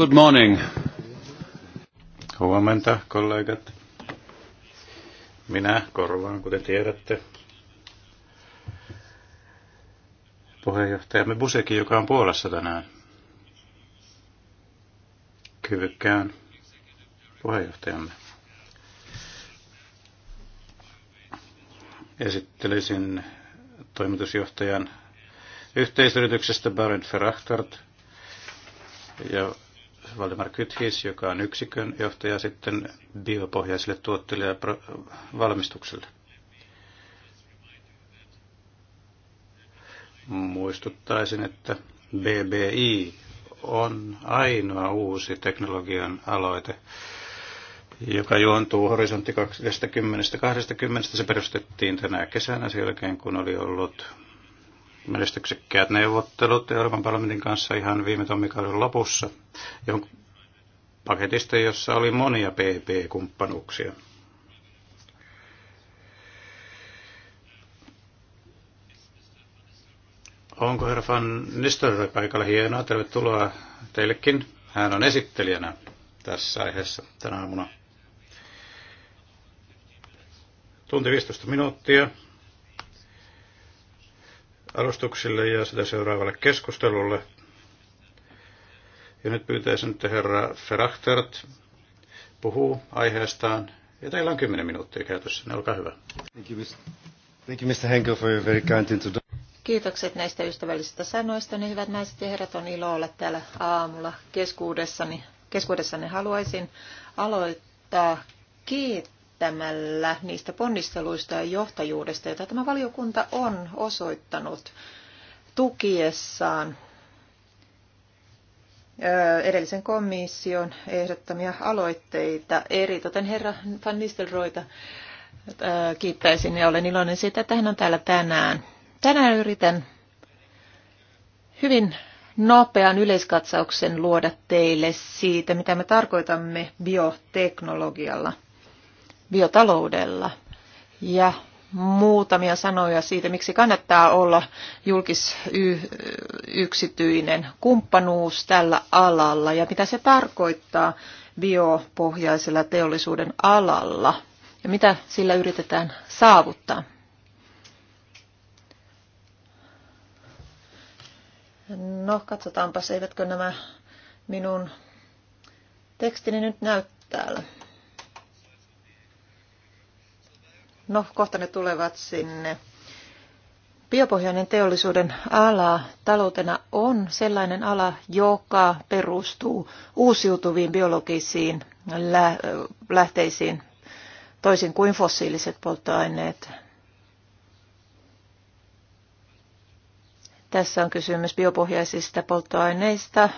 Good morning. Huomenta, kollegat. Minä korvaan, kuten tiedätte, puheenjohtajamme Busekin, joka on Puolassa tänään. Kyvykkään puheenjohtajamme. Esittelisin toimitusjohtajan yhteisyrityksestä Barent Ferrachtart ja Valdemar Kythis, joka on yksikön johtaja sitten biopohjaisille tuotteille ja valmistukselle. Muistuttaisin, että BBI on ainoa uusi teknologian aloite, joka juontuu horisontti 2020. Se perustettiin tänä kesänä sen jälkeen, kun oli ollut menestyksekkäät neuvottelut Euroopan parlamentin kanssa ihan viime tammikauden lopussa paketista, jossa oli monia PP-kumppanuuksia. Onko herra Van Nistelrooy paikalla? Hienoa, tervetuloa teillekin. Hän on esittelijänä tässä aiheessa tänä aamuna. Tunti 15 minuuttia alustuksille ja sitä seuraavalle keskustelulle. Ja nyt pyytäisin, että herra Ferachtert puhuu aiheestaan. Ja teillä on 10 minuuttia käytössä, ne olkaa hyvä. Thank you, Mr. Henkel, for your very kind introduction. Kiitokset näistä ystävällisistä sanoista. Niin hyvät naiset ja herrat, on ilo olla täällä aamulla keskuudessani. Keskuudessani haluaisin aloittaa kiittää kiittämällä niistä ponnisteluista ja johtajuudesta, jota tämä valiokunta on osoittanut tukiessaan edellisen komission ehdottamia aloitteita. Eritoten herra Van Nistelroita kiittäisin ja olen iloinen siitä, että hän on täällä tänään. Tänään yritän hyvin nopean yleiskatsauksen luoda teille siitä, mitä me tarkoitamme bioteknologialla – biotaloudella. Ja muutamia sanoja siitä, miksi kannattaa olla julkisyksityinen kumppanuus tällä alalla ja mitä se tarkoittaa biopohjaisella teollisuuden alalla ja mitä sillä yritetään saavuttaa. No, katsotaanpa, eivätkö nämä minun tekstini nyt näy täällä. No, kohta ne tulevat sinne. Biopohjainen teollisuuden ala taloutena on sellainen ala, joka perustuu uusiutuviin biologisiin lähteisiin, toisin kuin fossiiliset polttoaineet. Tässä on kysymys biopohjaisista polttoaineista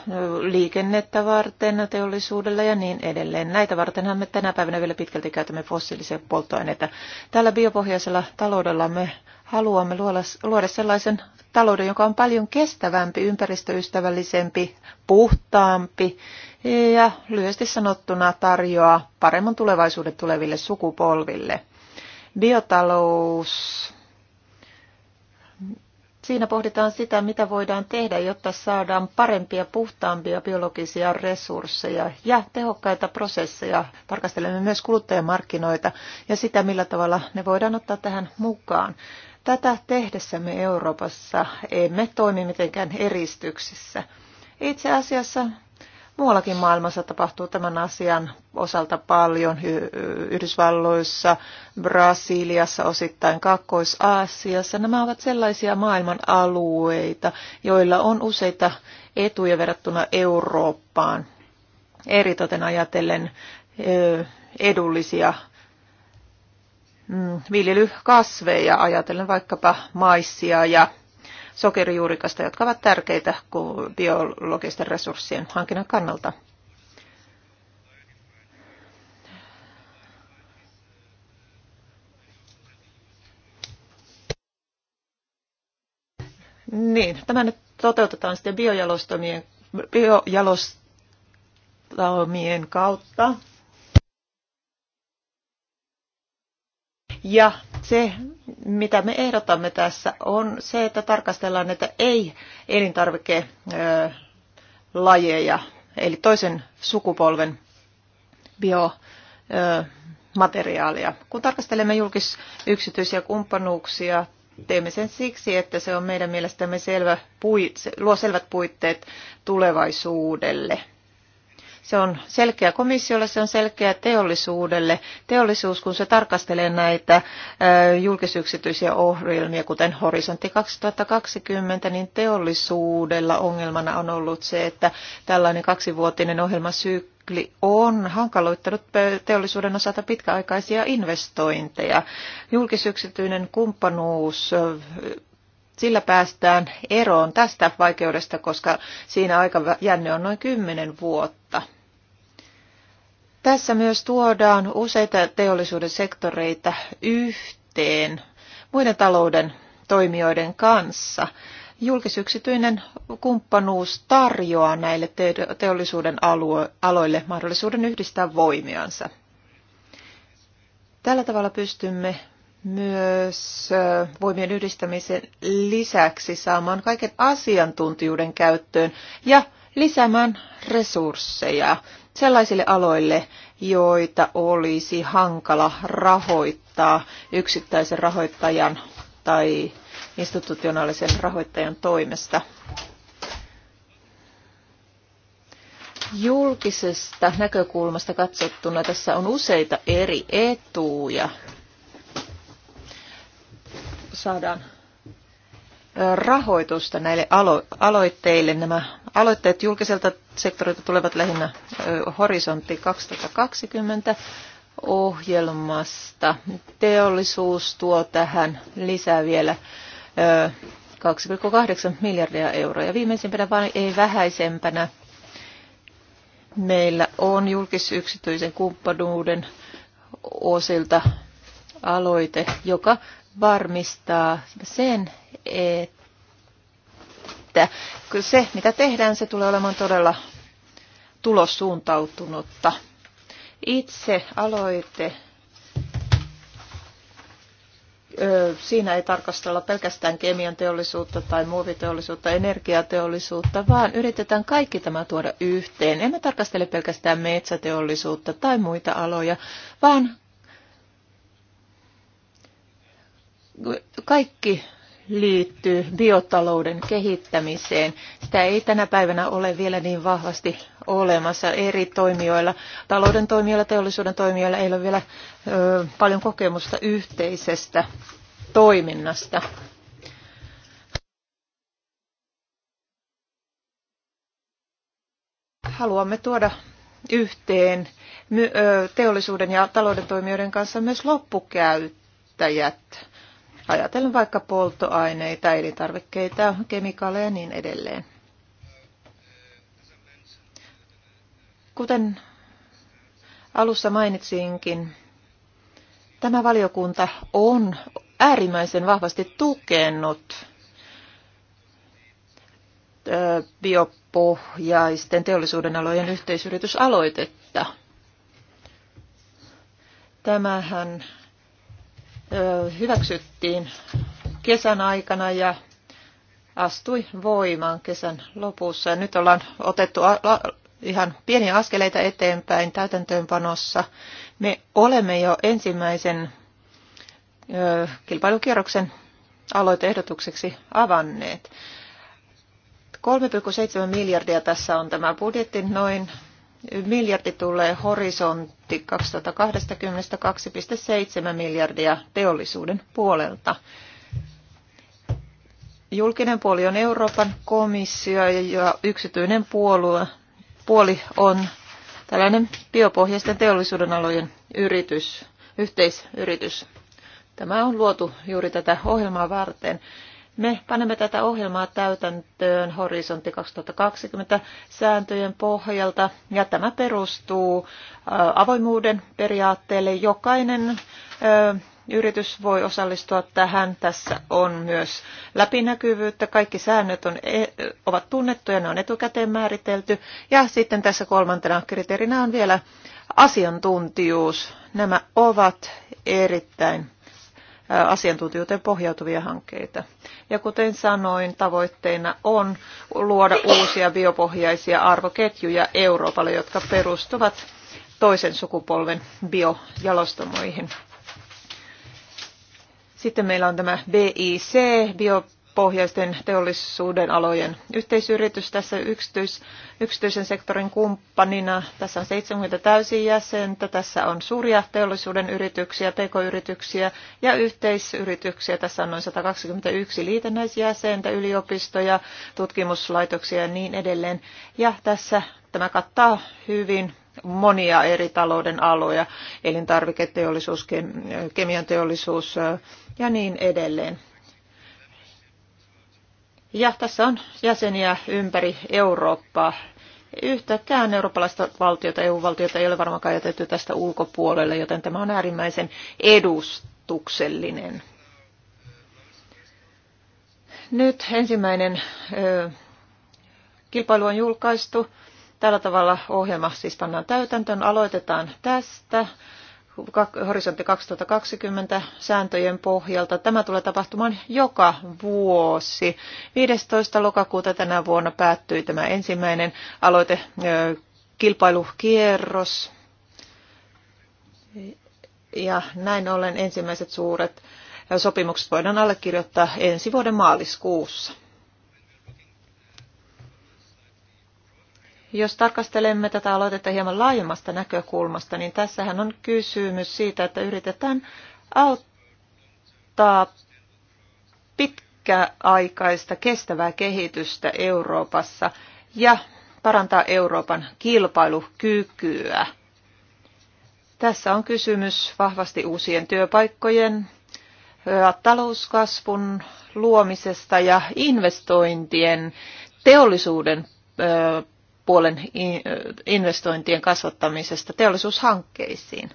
liikennettä varten, teollisuudella ja niin edelleen. Näitä vartenhan me tänä päivänä vielä pitkälti käytämme fossiilisia polttoaineita. Tällä biopohjaisella taloudella me haluamme luoda sellaisen talouden, joka on paljon kestävämpi, ympäristöystävällisempi, puhtaampi ja lyhyesti sanottuna tarjoaa paremman tulevaisuuden tuleville sukupolville. Biotalous Siinä pohditaan sitä, mitä voidaan tehdä, jotta saadaan parempia, puhtaampia biologisia resursseja ja tehokkaita prosesseja. Tarkastelemme myös kuluttajamarkkinoita ja sitä, millä tavalla ne voidaan ottaa tähän mukaan. Tätä tehdessämme Euroopassa emme toimi mitenkään eristyksissä. Itse asiassa Muuallakin maailmassa tapahtuu tämän asian osalta paljon. Yhdysvalloissa, Brasiliassa, osittain Kakkois-Aasiassa. Nämä ovat sellaisia maailman alueita, joilla on useita etuja verrattuna Eurooppaan. Eritoten ajatellen edullisia mm, viljelykasveja, ajatellen vaikkapa maissia ja sokerijuurikasta, jotka ovat tärkeitä biologisten resurssien hankinnan kannalta. Niin, tämä nyt toteutetaan sitten biojalostamien, biojalostamien kautta. Ja se mitä me ehdotamme tässä, on se, että tarkastellaan näitä ei-elintarvikelajeja, eli toisen sukupolven biomateriaalia. Kun tarkastelemme julkis-yksityisiä kumppanuuksia, teemme sen siksi, että se on meidän mielestämme selvä pui, luo selvät puitteet tulevaisuudelle – se on selkeä komissiolle, se on selkeä teollisuudelle. Teollisuus, kun se tarkastelee näitä julkisyksityisiä ohjelmia, kuten Horisontti 2020, niin teollisuudella ongelmana on ollut se, että tällainen kaksivuotinen ohjelma sykli on hankaloittanut teollisuuden osalta pitkäaikaisia investointeja. Julkisyksityinen kumppanuus sillä päästään eroon tästä vaikeudesta, koska siinä aikajänne on noin 10 vuotta. Tässä myös tuodaan useita teollisuuden sektoreita yhteen muiden talouden toimijoiden kanssa. Julkisyksityinen kumppanuus tarjoaa näille teollisuuden aloille mahdollisuuden yhdistää voimiansa. Tällä tavalla pystymme myös voimien yhdistämisen lisäksi saamaan kaiken asiantuntijuuden käyttöön ja lisäämään resursseja sellaisille aloille, joita olisi hankala rahoittaa yksittäisen rahoittajan tai institutionaalisen rahoittajan toimesta. Julkisesta näkökulmasta katsottuna tässä on useita eri etuja saadaan rahoitusta näille alo- aloitteille. Nämä aloitteet julkiselta sektorilta tulevat lähinnä Horisontti 2020 ohjelmasta. Teollisuus tuo tähän lisää vielä 2,8 miljardia euroa. Ja viimeisimpänä vain ei vähäisempänä meillä on julkisyksityisen kumppanuuden osilta aloite, joka varmistaa sen, että kyllä se, mitä tehdään, se tulee olemaan todella tulossuuntautunutta. Itse aloite siinä ei tarkastella pelkästään kemian teollisuutta tai muoviteollisuutta, energiateollisuutta, vaan yritetään kaikki tämä tuoda yhteen. Emme tarkastele pelkästään metsäteollisuutta tai muita aloja, vaan kaikki liittyy biotalouden kehittämiseen. Sitä ei tänä päivänä ole vielä niin vahvasti olemassa eri toimijoilla. Talouden toimijoilla, teollisuuden toimijoilla ei ole vielä ö, paljon kokemusta yhteisestä toiminnasta. Haluamme tuoda yhteen teollisuuden ja talouden toimijoiden kanssa myös loppukäyttäjät Ajatellen vaikka polttoaineita, elintarvikkeita, kemikaaleja ja niin edelleen. Kuten alussa mainitsinkin, tämä valiokunta on äärimmäisen vahvasti tukenut biopohjaisten teollisuuden alojen yhteisyritysaloitetta. Tämähän hyväksyttiin kesän aikana ja astui voimaan kesän lopussa. Ja nyt ollaan otettu ihan pieniä askeleita eteenpäin täytäntöönpanossa. Me olemme jo ensimmäisen kilpailukierroksen aloiteehdotukseksi avanneet. 3,7 miljardia tässä on tämä budjetti, noin miljardi tulee horisontti 2020-2,7 miljardia teollisuuden puolelta. Julkinen puoli on Euroopan komissio ja yksityinen puolue, puoli on tällainen biopohjaisten teollisuuden alojen yritys, yhteisyritys. Tämä on luotu juuri tätä ohjelmaa varten. Me panemme tätä ohjelmaa täytäntöön Horisontti 2020 sääntöjen pohjalta ja tämä perustuu avoimuuden periaatteelle. Jokainen yritys voi osallistua tähän. Tässä on myös läpinäkyvyyttä. Kaikki säännöt on, e, ovat tunnettuja, ne on etukäteen määritelty. Ja sitten tässä kolmantena kriteerinä on vielä asiantuntijuus. Nämä ovat erittäin asiantuntijuuteen pohjautuvia hankkeita. Ja kuten sanoin, tavoitteena on luoda uusia biopohjaisia arvoketjuja Euroopalle, jotka perustuvat toisen sukupolven biojalostamoihin. Sitten meillä on tämä BIC, bio pohjaisten teollisuuden alojen yhteisyritys tässä yksityis, yksityisen sektorin kumppanina. Tässä on 70 täysin jäsentä, tässä on suuria teollisuuden yrityksiä, pk-yrityksiä ja yhteisyrityksiä. Tässä on noin 121 liitännäisjäsentä, yliopistoja, tutkimuslaitoksia ja niin edelleen. Ja tässä tämä kattaa hyvin monia eri talouden aloja, elintarviketeollisuus, kemian teollisuus ja niin edelleen. Ja tässä on jäseniä ympäri Eurooppaa. Yhtäkään eurooppalaista valtiota, EU-valtiota ei ole varmaankaan jätetty tästä ulkopuolelle, joten tämä on äärimmäisen edustuksellinen. Nyt ensimmäinen ö, kilpailu on julkaistu. Tällä tavalla ohjelma siis pannaan täytäntöön. Aloitetaan tästä horisontti 2020 sääntöjen pohjalta. Tämä tulee tapahtumaan joka vuosi. 15. lokakuuta tänä vuonna päättyi tämä ensimmäinen aloite kilpailukierros. Ja näin ollen ensimmäiset suuret sopimukset voidaan allekirjoittaa ensi vuoden maaliskuussa. Jos tarkastelemme tätä aloitetta hieman laajemmasta näkökulmasta, niin tässähän on kysymys siitä, että yritetään auttaa pitkäaikaista kestävää kehitystä Euroopassa ja parantaa Euroopan kilpailukykyä. Tässä on kysymys vahvasti uusien työpaikkojen, talouskasvun luomisesta ja investointien teollisuuden puolen investointien kasvattamisesta teollisuushankkeisiin.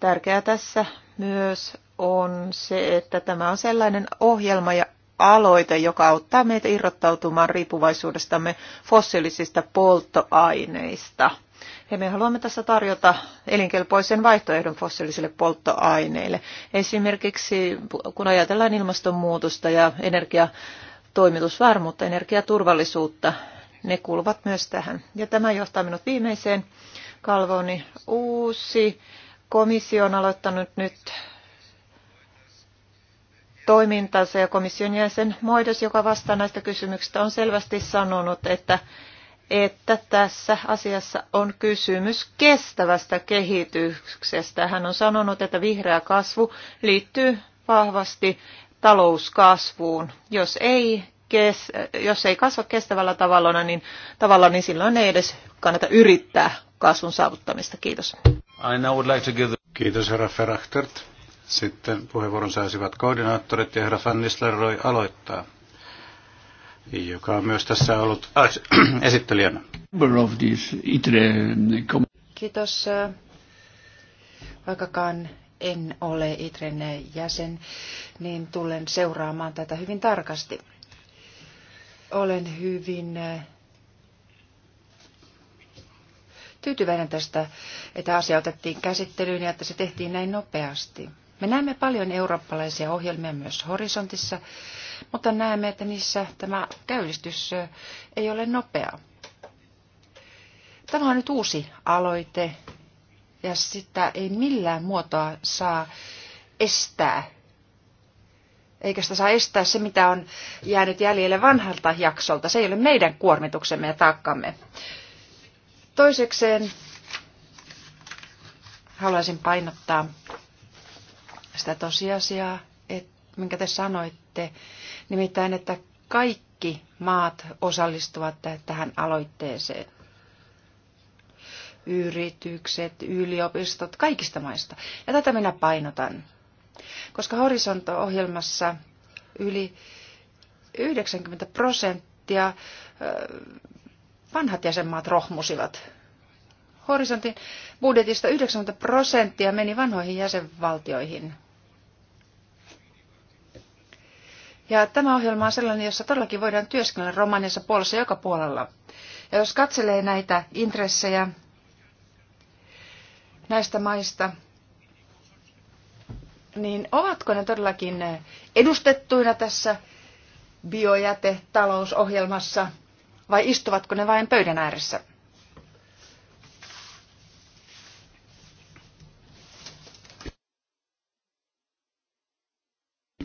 Tärkeää tässä myös on se, että tämä on sellainen ohjelma ja aloite, joka auttaa meitä irrottautumaan riippuvaisuudestamme fossiilisista polttoaineista. Ja me haluamme tässä tarjota elinkelpoisen vaihtoehdon fossiilisille polttoaineille. Esimerkiksi kun ajatellaan ilmastonmuutosta ja energia toimitusvarmuutta, energiaturvallisuutta, ne kuuluvat myös tähän. Ja tämä johtaa minut viimeiseen kalvoni Uusi komissio on aloittanut nyt toimintansa ja komission jäsen Moidos, joka vastaa näistä kysymyksistä, on selvästi sanonut, että, että tässä asiassa on kysymys kestävästä kehityksestä. Hän on sanonut, että vihreä kasvu liittyy vahvasti talouskasvuun. Jos ei kes, jos ei kasva kestävällä tavalla, niin, tavalla, niin silloin ei edes kannata yrittää kasvun saavuttamista. Kiitos. Like the... Kiitos herra Ferachtert. Sitten puheenvuoron saisivat koordinaattorit ja herra Van Nistelrooy aloittaa, joka on myös tässä ollut äh, esittelijänä. Kiitos. Vaikkakaan en ole ITREN jäsen, niin tulen seuraamaan tätä hyvin tarkasti. Olen hyvin äh, tyytyväinen tästä, että asia otettiin käsittelyyn ja että se tehtiin näin nopeasti. Me näemme paljon eurooppalaisia ohjelmia myös horisontissa, mutta näemme, että niissä tämä käynnistys äh, ei ole nopea. Tämä on nyt uusi aloite ja sitä ei millään muotoa saa estää eikä sitä saa estää se, mitä on jäänyt jäljelle vanhalta jaksolta. Se ei ole meidän kuormituksemme ja taakkamme. Toisekseen haluaisin painottaa sitä tosiasiaa, että, minkä te sanoitte, nimittäin, että kaikki maat osallistuvat tähän aloitteeseen. Yritykset, yliopistot, kaikista maista. Ja tätä minä painotan koska Horisonto-ohjelmassa yli 90 prosenttia vanhat jäsenmaat rohmusivat. Horisontin budjetista 90 prosenttia meni vanhoihin jäsenvaltioihin. Ja tämä ohjelma on sellainen, jossa todellakin voidaan työskennellä Romaniassa, puolessa joka puolella. Ja jos katselee näitä intressejä näistä maista, niin ovatko ne todellakin edustettuina tässä biojätetalousohjelmassa vai istuvatko ne vain pöydän ääressä?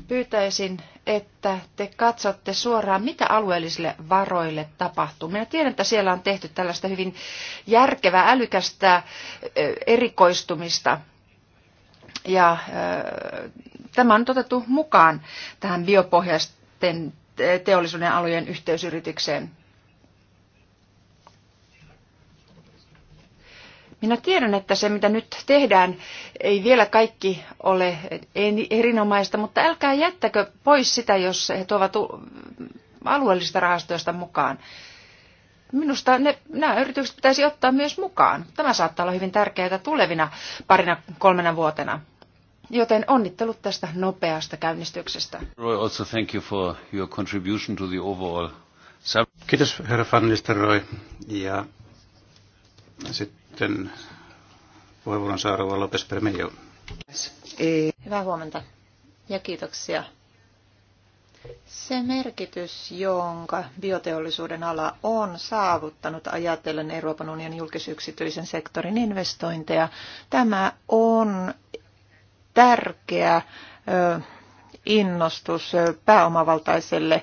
pyytäisin, että te katsotte suoraan, mitä alueellisille varoille tapahtuu. Minä tiedän, että siellä on tehty tällaista hyvin järkevää, älykästä erikoistumista ja tämä on otettu mukaan tähän biopohjaisten teollisuuden alojen yhteysyritykseen. Minä tiedän, että se mitä nyt tehdään ei vielä kaikki ole erinomaista, mutta älkää jättäkö pois sitä, jos he tuovat alueellista rahastoista mukaan. Minusta ne, nämä yritykset pitäisi ottaa myös mukaan. Tämä saattaa olla hyvin tärkeää tulevina parina kolmena vuotena. Joten onnittelut tästä nopeasta käynnistyksestä. Roy, also thank you for your contribution to the overall Kiitos herra Van Ja sitten puheenvuoron saa Lopes Permejo. Hyvää huomenta ja kiitoksia se merkitys, jonka bioteollisuuden ala on saavuttanut ajatellen Euroopan unionin julkisyksityisen sektorin investointeja, tämä on tärkeä innostus pääomavaltaiselle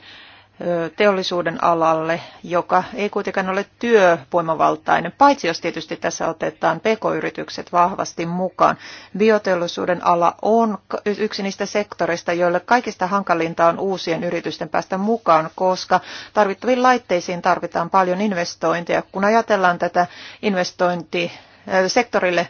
teollisuuden alalle, joka ei kuitenkaan ole työvoimavaltainen, paitsi jos tietysti tässä otetaan pk-yritykset vahvasti mukaan. Bioteollisuuden ala on yksi niistä sektoreista, joille kaikista hankalinta on uusien yritysten päästä mukaan, koska tarvittaviin laitteisiin tarvitaan paljon investointeja. Kun ajatellaan tätä investointi sektorille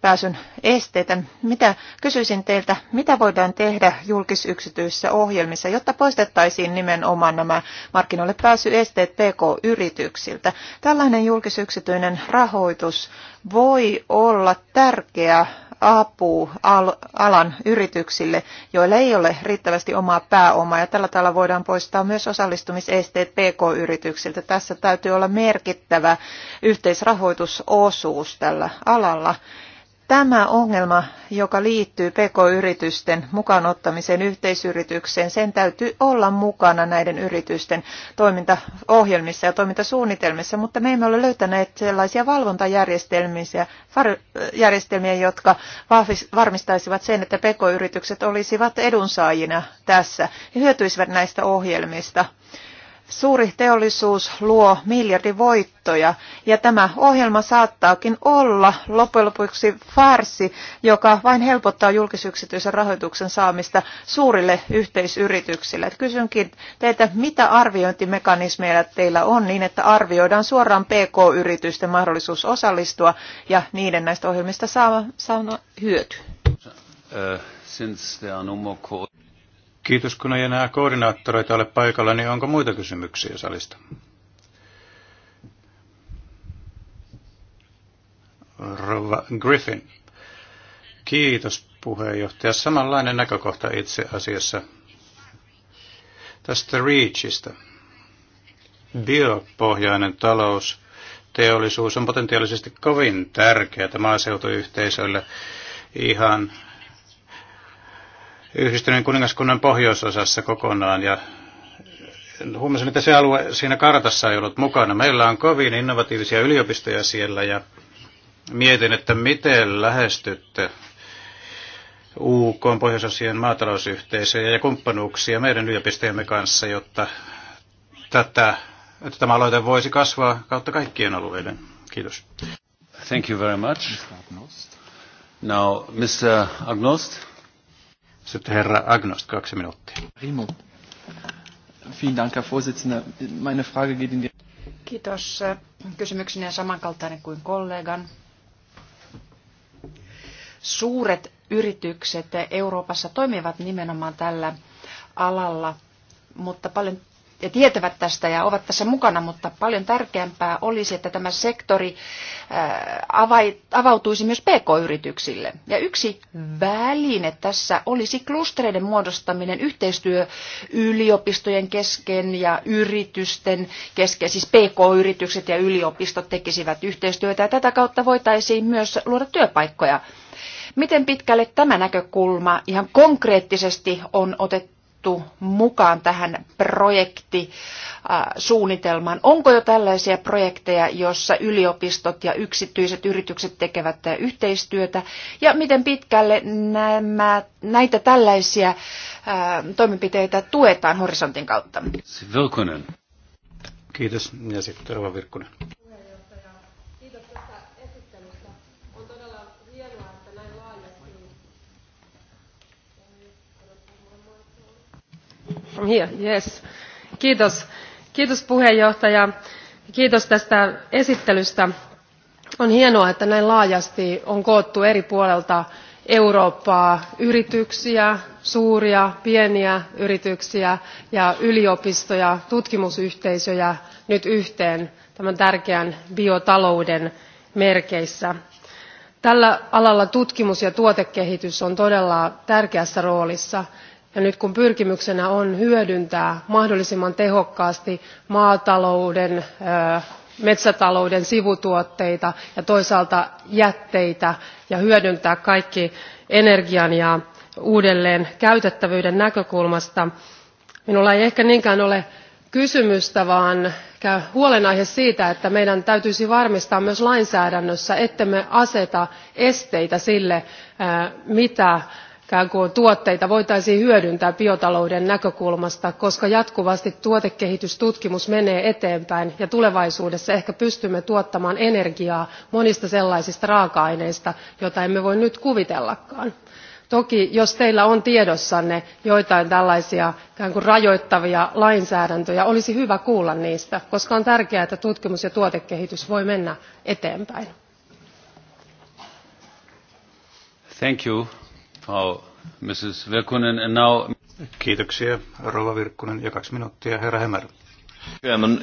pääsyn esteitä. Mitä, kysyisin teiltä, mitä voidaan tehdä julkisyksityisissä ohjelmissa, jotta poistettaisiin nimenomaan nämä markkinoille pääsyesteet PK-yrityksiltä? Tällainen julkisyksityinen rahoitus voi olla tärkeä apu alan yrityksille, joilla ei ole riittävästi omaa pääomaa. Ja tällä tavalla voidaan poistaa myös osallistumisesteet PK-yrityksiltä. Tässä täytyy olla merkittävä yhteisrahoitusosuus tällä alalla. Tämä ongelma, joka liittyy PK-yritysten ottamiseen yhteisyritykseen, sen täytyy olla mukana näiden yritysten toimintaohjelmissa ja toimintasuunnitelmissa, mutta me emme ole löytäneet sellaisia valvontajärjestelmiä, jotka varmistaisivat sen, että PK-yritykset olisivat edunsaajina tässä ja hyötyisivät näistä ohjelmista. Suuri teollisuus luo miljardivoittoja ja tämä ohjelma saattaakin olla loppujen lopuksi farsi, joka vain helpottaa julkisyksityisen rahoituksen saamista suurille yhteisyrityksille. kysynkin teiltä, mitä arviointimekanismeja teillä on niin, että arvioidaan suoraan PK-yritysten mahdollisuus osallistua ja niiden näistä ohjelmista saama, saama hyöty? Uh, since there are no more Kiitos, kun ei enää koordinaattoreita ole paikalla, niin onko muita kysymyksiä salista? Rova Griffin. Kiitos puheenjohtaja. Samanlainen näkökohta itse asiassa tästä REACHista. Biopohjainen talous, teollisuus on potentiaalisesti kovin tärkeää maaseutuyhteisöille ihan yhdistyneen kuningaskunnan pohjoisosassa kokonaan ja huomasin, että se alue siinä kartassa ei ollut mukana. Meillä on kovin innovatiivisia yliopistoja siellä ja mietin, että miten lähestytte UK pohjoisosien maatalousyhteisöjä ja kumppanuuksia meidän yliopistojemme kanssa, jotta tätä, että tämä aloite voisi kasvaa kautta kaikkien alueiden. Kiitos. Thank you very much. Now, Mr. Agnost. Sitten herra Agnost, kaksi minuuttia. Rimo. Vielen Dank, Herr Vorsitzender. Meine Frage geht in die... Kiitos. Äh, Kysymykseni on samankaltainen kuin kollegan. Suuret yritykset Euroopassa toimivat nimenomaan tällä alalla, mutta paljon ja tietävät tästä ja ovat tässä mukana, mutta paljon tärkeämpää olisi, että tämä sektori äh, avautuisi myös pk-yrityksille. Ja yksi väline tässä olisi klustereiden muodostaminen yhteistyö yliopistojen kesken ja yritysten kesken, siis pk-yritykset ja yliopistot tekisivät yhteistyötä ja tätä kautta voitaisiin myös luoda työpaikkoja. Miten pitkälle tämä näkökulma ihan konkreettisesti on otettu otettu mukaan tähän projektisuunnitelmaan? Onko jo tällaisia projekteja, joissa yliopistot ja yksityiset yritykset tekevät yhteistyötä? Ja miten pitkälle nämä, näitä tällaisia ää, toimenpiteitä tuetaan horisontin kautta? Vilkunen. Kiitos. Ja sitten Rova Virkkunen. kiitos puheenjohtaja kiitos tästä esittelystä. on hienoa että näin laajasti on koottu eri puolilta eurooppaa yrityksiä suuria pieniä yrityksiä ja yliopistoja tutkimusyhteisöjä nyt yhteen tämän tärkeän biotalouden merkeissä. tällä alalla tutkimus ja tuotekehitys on todella tärkeässä roolissa ja nyt kun pyrkimyksenä on hyödyntää mahdollisimman tehokkaasti maatalouden metsätalouden sivutuotteita ja toisaalta jätteitä ja hyödyntää kaikki energian ja uudelleen käytettävyyden näkökulmasta minulla ei ehkä niinkään ole kysymystä vaan huolenaihe siitä että meidän täytyisi varmistaa myös lainsäädännössä ettemme aseta esteitä sille mitä ikään kuin tuotteita voitaisiin hyödyntää biotalouden näkökulmasta koska jatkuvasti tuotekehitys tutkimus menee eteenpäin ja tulevaisuudessa ehkä pystymme tuottamaan energiaa monista sellaisista raaka aineista joita emme voi nyt kuvitellakaan. toki jos teillä on tiedossanne joitain tällaisia ikään kuin rajoittavia lainsäädäntöjä olisi hyvä kuulla niistä koska on tärkeää että tutkimus ja tuotekehitys voi mennä eteenpäin. Frau Mrs. and now... Kiitoksia, Rova Virkkunen, ja kaksi minuuttia, herra Hämär.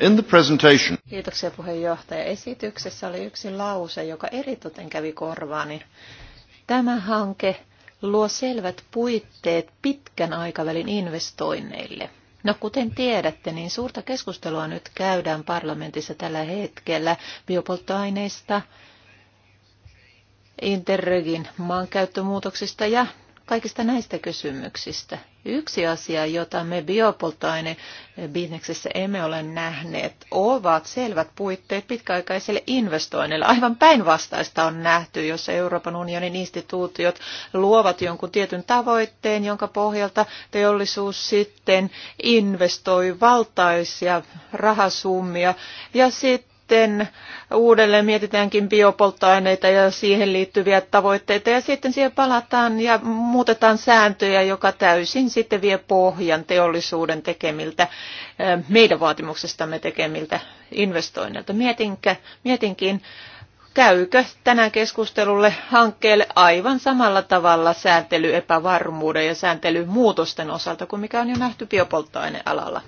In the presentation. Kiitoksia puheenjohtaja. Esityksessä oli yksi lause, joka eritoten kävi korvaani. Tämä hanke luo selvät puitteet pitkän aikavälin investoinneille. No kuten tiedätte, niin suurta keskustelua nyt käydään parlamentissa tällä hetkellä biopolttoaineista, Interregin maankäyttömuutoksista ja kaikista näistä kysymyksistä. Yksi asia, jota me biopoltoainebisneksessä emme ole nähneet, ovat selvät puitteet pitkäaikaiselle investoinnille. Aivan päinvastaista on nähty, jos Euroopan unionin instituutiot luovat jonkun tietyn tavoitteen, jonka pohjalta teollisuus sitten investoi valtaisia rahasummia ja sitten sitten uudelleen mietitäänkin biopolttoaineita ja siihen liittyviä tavoitteita ja sitten siihen palataan ja muutetaan sääntöjä, joka täysin sitten vie pohjan teollisuuden tekemiltä, eh, meidän vaatimuksestamme tekemiltä investoinneilta. Mietinkä, mietinkin, käykö tänään keskustelulle hankkeelle aivan samalla tavalla sääntelyepävarmuuden ja sääntelymuutosten osalta kuin mikä on jo nähty biopolttoainealalla.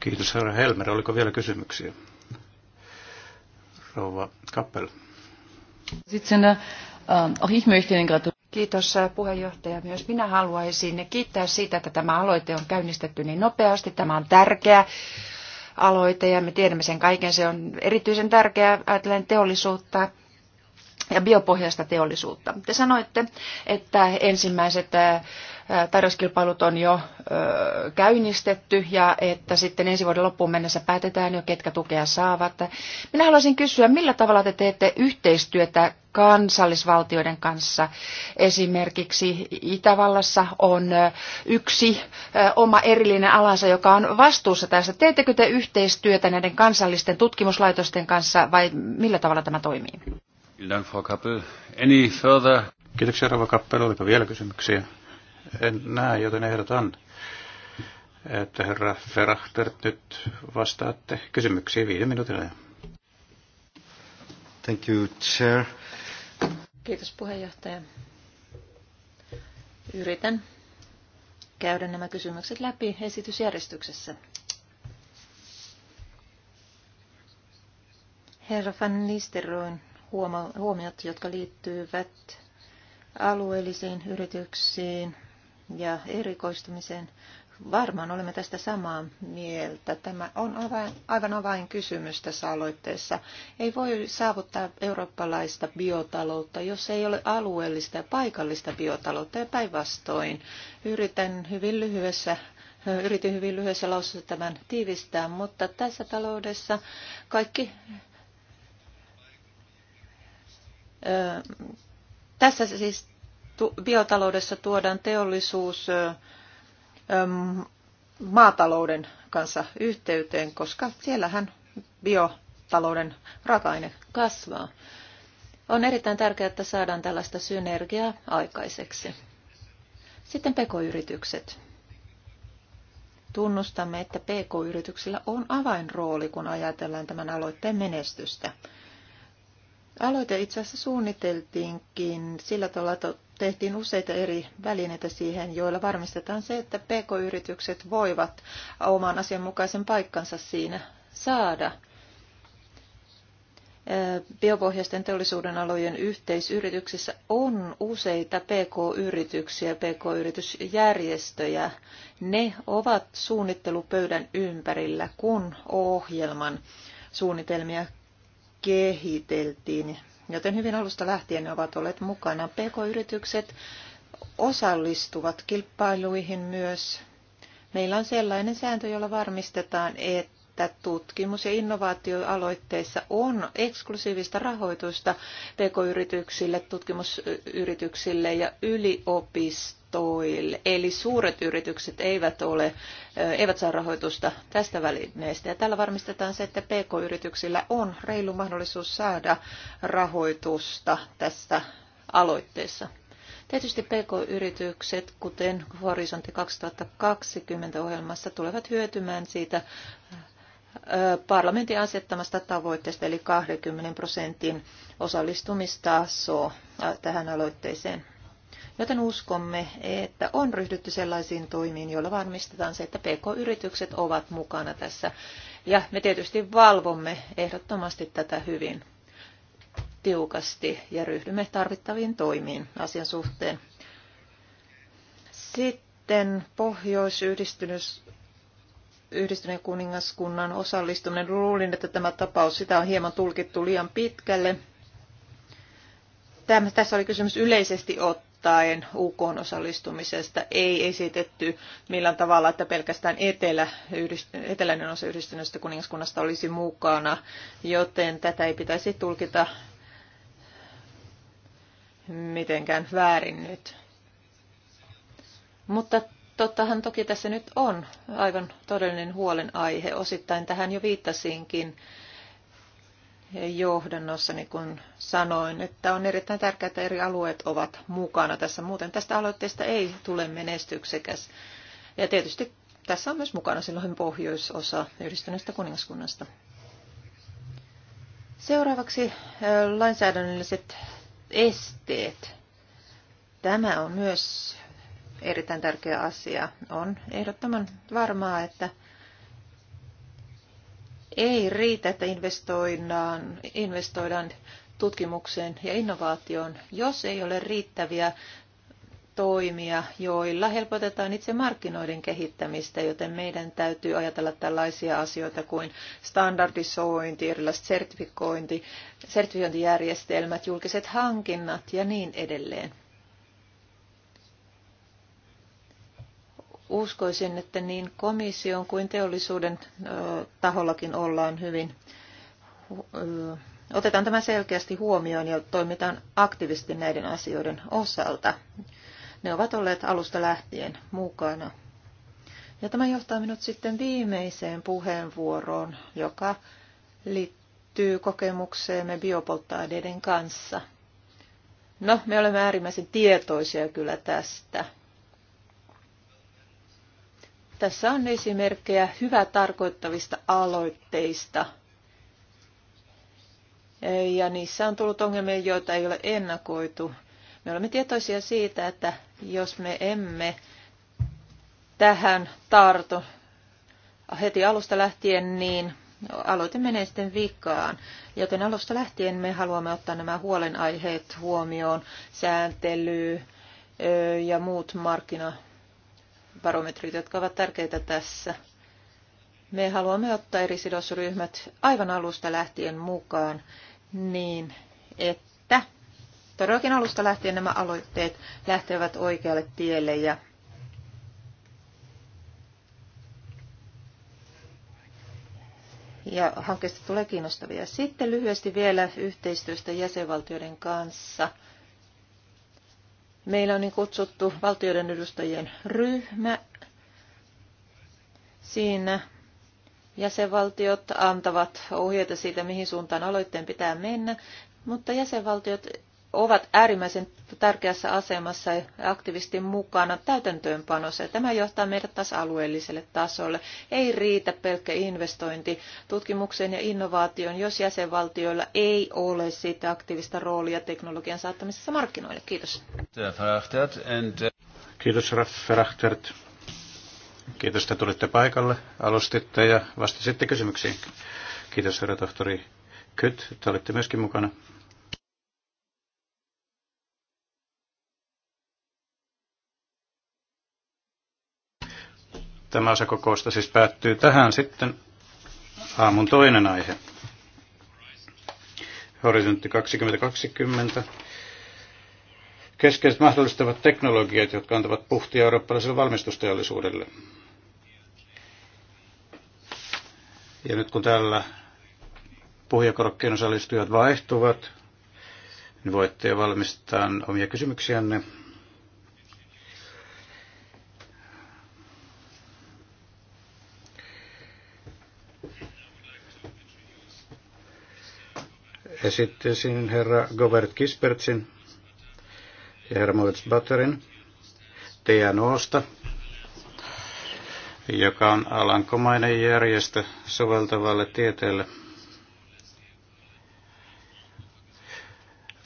Kiitos herra Helmer. Oliko vielä kysymyksiä? rouva Kappel. Äh, Kiitos äh, puheenjohtaja. Myös minä haluaisin kiittää siitä, että tämä aloite on käynnistetty niin nopeasti. Tämä on tärkeä aloite ja me tiedämme sen kaiken. Se on erityisen tärkeää ajatellen teollisuutta ja biopohjaista teollisuutta. Te sanoitte, että ensimmäiset äh, tarjouskilpailut on jo käynnistetty ja että sitten ensi vuoden loppuun mennessä päätetään jo, ketkä tukea saavat. Minä haluaisin kysyä, millä tavalla te teette yhteistyötä kansallisvaltioiden kanssa. Esimerkiksi Itävallassa on yksi oma erillinen alansa, joka on vastuussa tästä. Teettekö te yhteistyötä näiden kansallisten tutkimuslaitosten kanssa vai millä tavalla tämä toimii? Kiitoksia, Rava Kappel. Oliko vielä kysymyksiä? en näe, joten ehdotan, että herra Ferachter nyt vastaatte kysymyksiin viiden minuutin ajan. Thank you, Chair. Kiitos puheenjohtaja. Yritän käydä nämä kysymykset läpi esitysjärjestyksessä. Herra Van Nisteroin huomiot, jotka liittyvät alueellisiin yrityksiin, ja erikoistumiseen. Varmaan olemme tästä samaa mieltä. Tämä on avain, aivan avainkysymys tässä aloitteessa. Ei voi saavuttaa eurooppalaista biotaloutta, jos ei ole alueellista ja paikallista biotaloutta ja päinvastoin. Yritän hyvin lyhyessä Yritin hyvin lyhyessä lausussa tämän tiivistää, mutta tässä taloudessa kaikki tässä siis biotaloudessa tuodaan teollisuus maatalouden kanssa yhteyteen, koska siellähän biotalouden raaka-aine kasvaa. On erittäin tärkeää, että saadaan tällaista synergiaa aikaiseksi. Sitten pk-yritykset. Tunnustamme, että pk-yrityksillä on avainrooli, kun ajatellaan tämän aloitteen menestystä. Aloite itse asiassa suunniteltiinkin sillä tavalla, että tehtiin useita eri välineitä siihen, joilla varmistetaan se, että pk-yritykset voivat oman asianmukaisen paikkansa siinä saada. Biopohjaisten teollisuuden alojen yhteisyrityksissä on useita pk-yrityksiä, pk-yritysjärjestöjä. Ne ovat suunnittelupöydän ympärillä, kun ohjelman suunnitelmia kehiteltiin, joten hyvin alusta lähtien ne ovat olleet mukana. PK-yritykset osallistuvat kilpailuihin myös. Meillä on sellainen sääntö, jolla varmistetaan, että tutkimus- ja innovaatioaloitteissa on eksklusiivista rahoitusta pk-yrityksille, tutkimusyrityksille ja yliopistoille kattoille. Eli suuret yritykset eivät, ole, eivät saa rahoitusta tästä välineestä. Ja tällä varmistetaan se, että PK-yrityksillä on reilu mahdollisuus saada rahoitusta tässä aloitteessa. Tietysti PK-yritykset, kuten Horisontti 2020-ohjelmassa, tulevat hyötymään siitä parlamentin asettamasta tavoitteesta, eli 20 prosentin osallistumistasoa tähän aloitteeseen joten uskomme, että on ryhdytty sellaisiin toimiin, joilla varmistetaan se, että PK-yritykset ovat mukana tässä. Ja me tietysti valvomme ehdottomasti tätä hyvin tiukasti ja ryhdymme tarvittaviin toimiin asian suhteen. Sitten Pohjois-Yhdistyneen kuningaskunnan osallistuminen. Luulin, että tämä tapaus, sitä on hieman tulkittu liian pitkälle. Tämä, tässä oli kysymys yleisesti ottaen aloittaen UK-osallistumisesta ei esitetty millään tavalla, että pelkästään etelä, eteläinen osa yhdistyneestä kuningaskunnasta olisi mukana, joten tätä ei pitäisi tulkita mitenkään väärin nyt. Mutta tottahan toki tässä nyt on aivan todellinen huolenaihe. Osittain tähän jo viittasinkin johdannossa, niin kuin sanoin, että on erittäin tärkeää, että eri alueet ovat mukana tässä. Muuten tästä aloitteesta ei tule menestyksekäs. Ja tietysti tässä on myös mukana silloin pohjoisosa yhdistyneestä kuningaskunnasta. Seuraavaksi lainsäädännölliset esteet. Tämä on myös erittäin tärkeä asia. On ehdottoman varmaa, että ei riitä, että investoidaan, investoidaan tutkimukseen ja innovaatioon, jos ei ole riittäviä toimia, joilla helpotetaan itse markkinoiden kehittämistä, joten meidän täytyy ajatella tällaisia asioita kuin standardisointi, erilaiset sertifikointi, sertifiointijärjestelmät, julkiset hankinnat ja niin edelleen. Uskoisin, että niin komission kuin teollisuuden tahollakin ollaan hyvin, otetaan tämä selkeästi huomioon ja toimitaan aktiivisesti näiden asioiden osalta. Ne ovat olleet alusta lähtien mukana. Ja tämä johtaa minut sitten viimeiseen puheenvuoroon, joka liittyy kokemukseemme biopolttoaineiden kanssa. No, me olemme äärimmäisen tietoisia kyllä tästä. Tässä on esimerkkejä hyvä tarkoittavista aloitteista. Ja niissä on tullut ongelmia, joita ei ole ennakoitu. Me olemme tietoisia siitä, että jos me emme tähän tartu heti alusta lähtien, niin aloite menee sitten vikaan. Joten alusta lähtien me haluamme ottaa nämä huolenaiheet huomioon, sääntely ja muut markkina barometrit, jotka ovat tärkeitä tässä. Me haluamme ottaa eri sidosryhmät aivan alusta lähtien mukaan niin, että todellakin alusta lähtien nämä aloitteet lähtevät oikealle tielle ja ja hankkeesta tulee kiinnostavia. Sitten lyhyesti vielä yhteistyöstä jäsenvaltioiden kanssa – Meillä on niin kutsuttu valtioiden edustajien ryhmä. Siinä jäsenvaltiot antavat ohjeita siitä, mihin suuntaan aloitteen pitää mennä, mutta jäsenvaltiot ovat äärimmäisen tärkeässä asemassa aktivistin mukana täytäntöönpanossa. tämä johtaa meidät taas alueelliselle tasolle. Ei riitä pelkkä investointi tutkimukseen ja innovaatioon, jos jäsenvaltioilla ei ole sitä aktiivista roolia teknologian saattamisessa markkinoille. Kiitos. Kiitos Rafferachtert. Kiitos, että tulitte paikalle, alustitte ja vastasitte kysymyksiin. Kiitos, herra tohtori Kyt, että olitte myöskin mukana. Tämä osa kokousta siis päättyy tähän sitten aamun toinen aihe. Horisontti 2020. Keskeiset mahdollistavat teknologiat, jotka antavat puhtia eurooppalaiselle valmistusteollisuudelle. Ja nyt kun täällä puhujakorokkeen osallistujat vaihtuvat, niin voitte valmistaa omia kysymyksiänne. Esittäisin herra Govert Kispertsin ja herra Moritz Batterin TNOsta, joka on alankomainen järjestö soveltavalle tieteelle.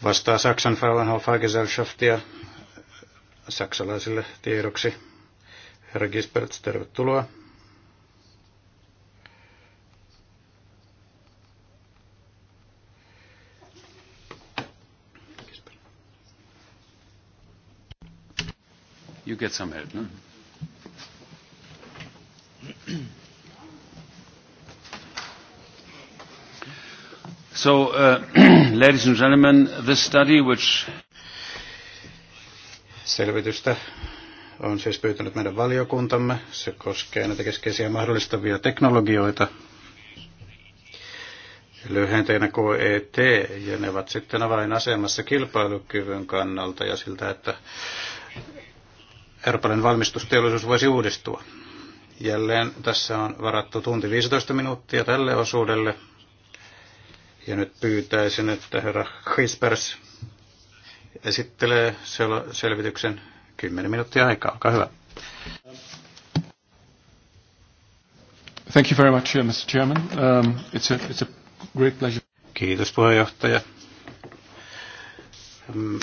Vastaa Saksan Fraunhofer Gesellschaftia saksalaisille tiedoksi. Herra Gisberts, tervetuloa. you get some help. No? So, uh, ladies and gentlemen, this study which... Selvitystä on siis pyytänyt meidän valiokuntamme. Se koskee näitä keskeisiä mahdollistavia teknologioita. Lyhenteinä KET, ja ne ovat sitten avainasemassa kilpailukyvyn kannalta ja siltä, että Eurooppalainen valmistusteollisuus voisi uudistua. Jälleen tässä on varattu tunti 15 minuuttia tälle osuudelle. Ja nyt pyytäisin, että herra Hispers esittelee sel- selvityksen 10 minuuttia aikaa. Olkaa hyvä. Thank you very much, uh, Mr. Chairman. Um, it's, a, it's a great pleasure. Kiitos puheenjohtaja. Mm,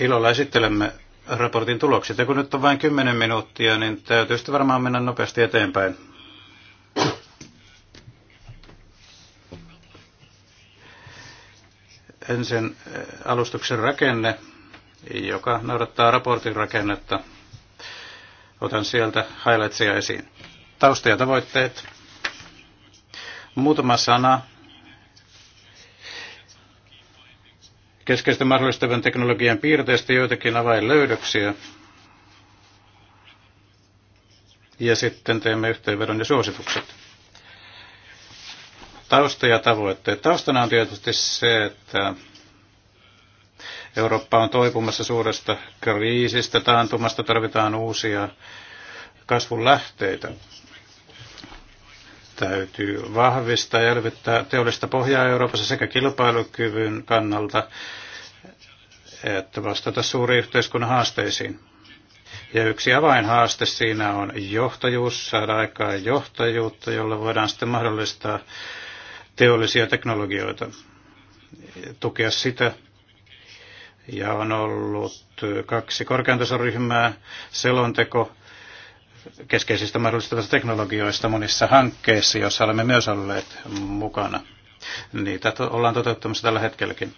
ilolla esittelemme raportin tulokset. Ja kun nyt on vain 10 minuuttia, niin täytyy sitten varmaan mennä nopeasti eteenpäin. Ensin eh, alustuksen rakenne, joka noudattaa raportin rakennetta. Otan sieltä highlightsia esiin. Tausta ja tavoitteet. Muutama sana keskeisten mahdollistavan teknologian piirteistä joitakin avainlöydöksiä. Ja sitten teemme yhteenvedon ja suositukset. Tausta ja tavoitteet. Taustana on tietysti se, että Eurooppa on toipumassa suuresta kriisistä, taantumasta, tarvitaan uusia kasvun lähteitä täytyy vahvistaa ja elvyttää teollista pohjaa Euroopassa sekä kilpailukyvyn kannalta että vastata suuriin yhteiskunnan haasteisiin. Ja yksi avainhaaste siinä on johtajuus, saada aikaan johtajuutta, jolla voidaan sitten mahdollistaa teollisia teknologioita, tukea sitä. Ja on ollut kaksi korkeantasoryhmää, selonteko keskeisistä mahdollistavista teknologioista monissa hankkeissa, joissa olemme myös olleet mukana. Niitä to- ollaan toteuttamassa tällä hetkelläkin.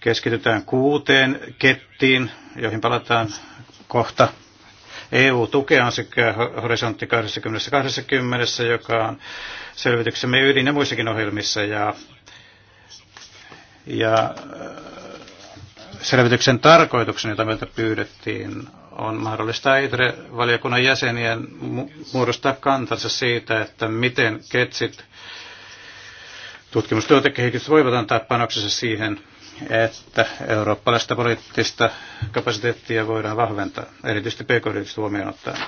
Keskitytään kuuteen kettiin, joihin palataan kohta. EU-tukea on sekä horisontti 2020, joka on selvityksemme ydin ja muissakin ohjelmissa. Ja, ja selvityksen tarkoituksen, jota meiltä pyydettiin, on mahdollista ITRE-valiokunnan jäsenien muodostaa kantansa siitä, että miten ketsit tutkimustyötekehitys voivat antaa panoksensa siihen, että eurooppalaista poliittista kapasiteettia voidaan vahventaa, erityisesti pk huomioon ottaen.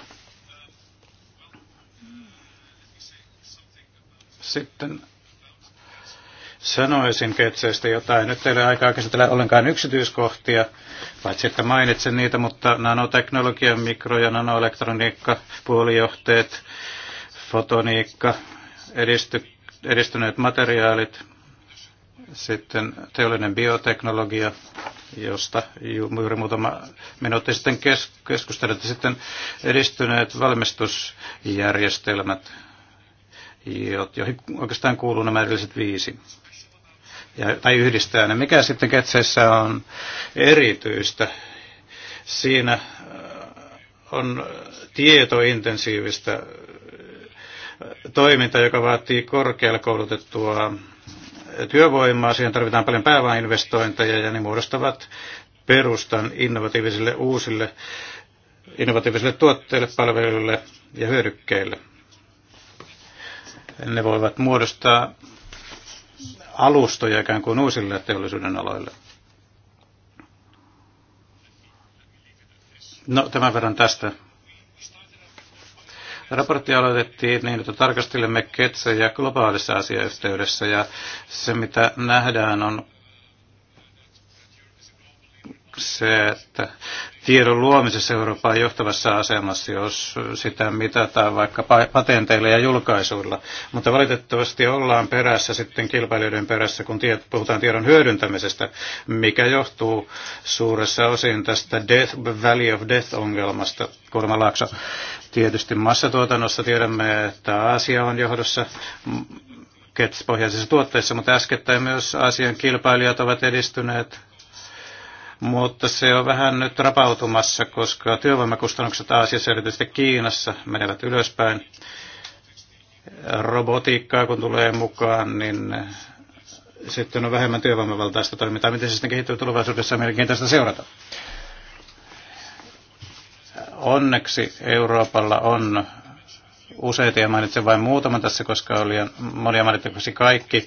Sitten sanoisin Ketseistä jotain. Nyt ei ole aikaa käsitellä ollenkaan yksityiskohtia, paitsi että mainitsen niitä, mutta nanoteknologia, mikro- ja nanoelektroniikka, puolijohteet, fotoniikka, edisty, edistyneet materiaalit, sitten teollinen bioteknologia, josta juuri muutama minuutti sitten keskusteltiin, sitten edistyneet valmistusjärjestelmät, joihin oikeastaan kuuluu nämä edelliset viisi ja, tai yhdistää ne. Mikä sitten Ketseissä on erityistä? Siinä äh, on tietointensiivistä äh, toimintaa, joka vaatii korkealla koulutettua äh, työvoimaa. Siihen tarvitaan paljon pääomainvestointeja ja ne muodostavat perustan innovatiivisille uusille innovatiivisille tuotteille, palveluille ja hyödykkeille. Ne voivat muodostaa alustoja ikään kuin uusille teollisuuden aloille. No, tämän verran tästä. Raportti aloitettiin niin, että tarkastelemme ketsejä globaalissa asiayhteydessä ja se mitä nähdään on se, että tiedon luomisessa Euroopan johtavassa asemassa, jos sitä mitataan vaikka patenteilla ja julkaisuilla. Mutta valitettavasti ollaan perässä sitten kilpailijoiden perässä, kun tiet, puhutaan tiedon hyödyntämisestä, mikä johtuu suuressa osin tästä death, Valley of Death-ongelmasta, kulmalaakso. Tietysti massatuotannossa tiedämme, että Aasia on johdossa, ketjuspohjaisissa tuotteissa, mutta äskettäin myös Aasian kilpailijat ovat edistyneet mutta se on vähän nyt rapautumassa, koska työvoimakustannukset Aasiassa, erityisesti Kiinassa, menevät ylöspäin. Robotiikkaa kun tulee mukaan, niin sitten on vähemmän työvoimavaltaista toimintaa. Miten se sitten kehittyy tulevaisuudessa, on mielenkiintoista seurata. Onneksi Euroopalla on useita, ja mainitsen vain muutaman tässä, koska oli monia mainitsin kaikki,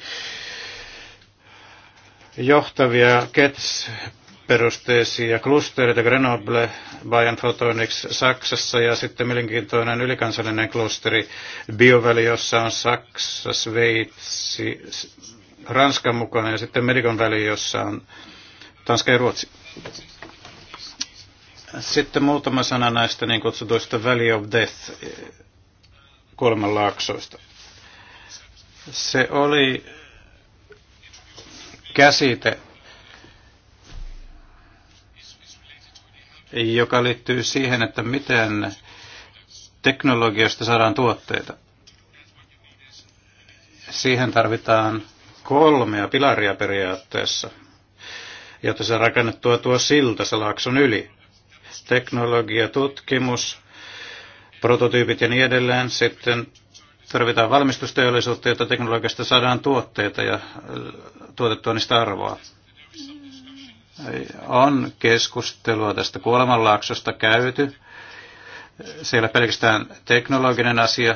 johtavia KETS perusteisia klustereita Grenoble, Bayern Photonics Saksassa ja sitten mielenkiintoinen ylikansallinen klusteri Bioväli, jossa on Saksa, Sveitsi, Ranskan mukana ja sitten Medikon väli, jossa on Tanska ja Ruotsi. Sitten muutama sana näistä niin kutsutuista Valley of Death kuolemanlaaksoista. Se oli käsite, joka liittyy siihen, että miten teknologiasta saadaan tuotteita. Siihen tarvitaan kolmea pilaria periaatteessa, jotta se rakennettua tuo silta laakson yli. Teknologia, tutkimus, prototyypit ja niin edelleen. Sitten tarvitaan valmistusteollisuutta, jotta teknologiasta saadaan tuotteita ja äh, tuotettua niistä arvoa on keskustelua tästä kuolemanlaaksosta käyty. Se ei ole pelkästään teknologinen asia.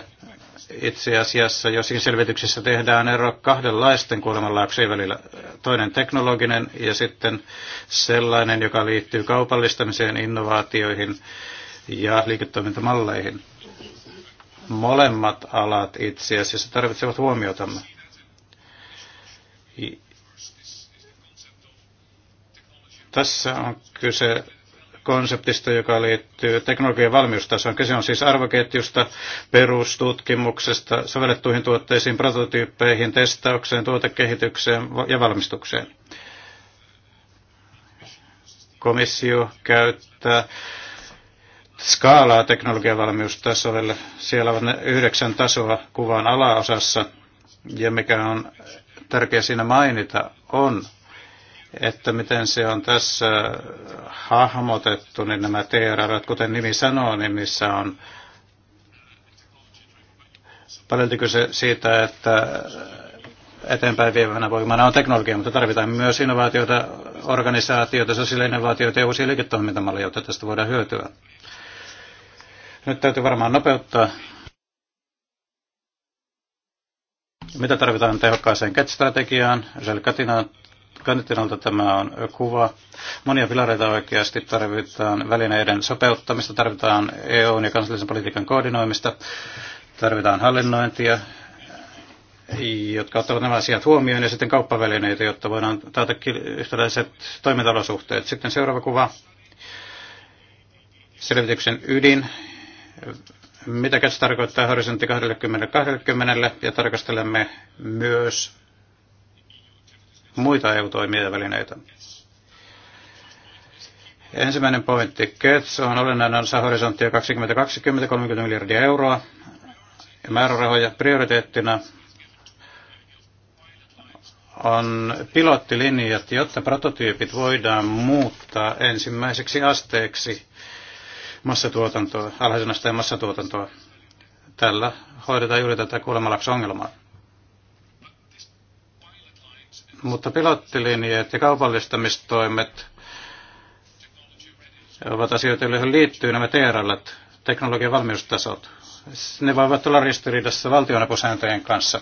Itse asiassa jossakin selvityksessä tehdään ero kahdenlaisten kuolemanlaaksojen välillä. Toinen teknologinen ja sitten sellainen, joka liittyy kaupallistamiseen, innovaatioihin ja liiketoimintamalleihin. Molemmat alat itse asiassa tarvitsevat huomiotamme Tässä on kyse konseptista, joka liittyy teknologian valmiustasoon. Kyse on siis arvoketjusta, perustutkimuksesta, sovellettuihin tuotteisiin, prototyyppeihin, testaukseen, tuotekehitykseen ja valmistukseen. Komissio käyttää skaalaa teknologian valmiustasolle. Siellä on yhdeksän tasoa kuvan alaosassa, ja mikä on tärkeää siinä mainita, on, että miten se on tässä hahmotettu, niin nämä TRR, kuten nimi sanoo, niin missä on paljolti kyse siitä, että eteenpäin vievänä voimana on teknologia, mutta tarvitaan myös innovaatioita, organisaatioita, sosiaalisia innovaatioita ja uusia liiketoimintamalleja, jotta tästä voidaan hyötyä. Nyt täytyy varmaan nopeuttaa. Mitä tarvitaan tehokkaaseen CAT-strategiaan? Jel Katina Kanditinalta tämä on kuva. Monia pilareita oikeasti tarvitaan välineiden sopeuttamista, tarvitaan EUn ja kansallisen politiikan koordinoimista, tarvitaan hallinnointia, jotka ottavat nämä asiat huomioon, ja sitten kauppavälineitä, jotta voidaan taata yhtäläiset toimintalosuhteet. Sitten seuraava kuva. Selvityksen ydin. Mitä se tarkoittaa horisontti 2020 ja tarkastelemme myös muita EU-toimia ja välineitä. Ensimmäinen pointti. KETS on olennainen osa horisonttia 2020 30 miljardia euroa ja määrärahoja prioriteettina on pilottilinjat, jotta prototyypit voidaan muuttaa ensimmäiseksi asteeksi massatuotantoa, alhaisen asteen massatuotantoa. Tällä hoidetaan juuri tätä kuulemalaks ongelmaa. Mutta pilottilinjat ja kaupallistamistoimet ovat asioita, joihin liittyy nämä TRL, teknologian valmiustasot. Ne voivat olla ristiriidassa valtionapusääntöjen kanssa.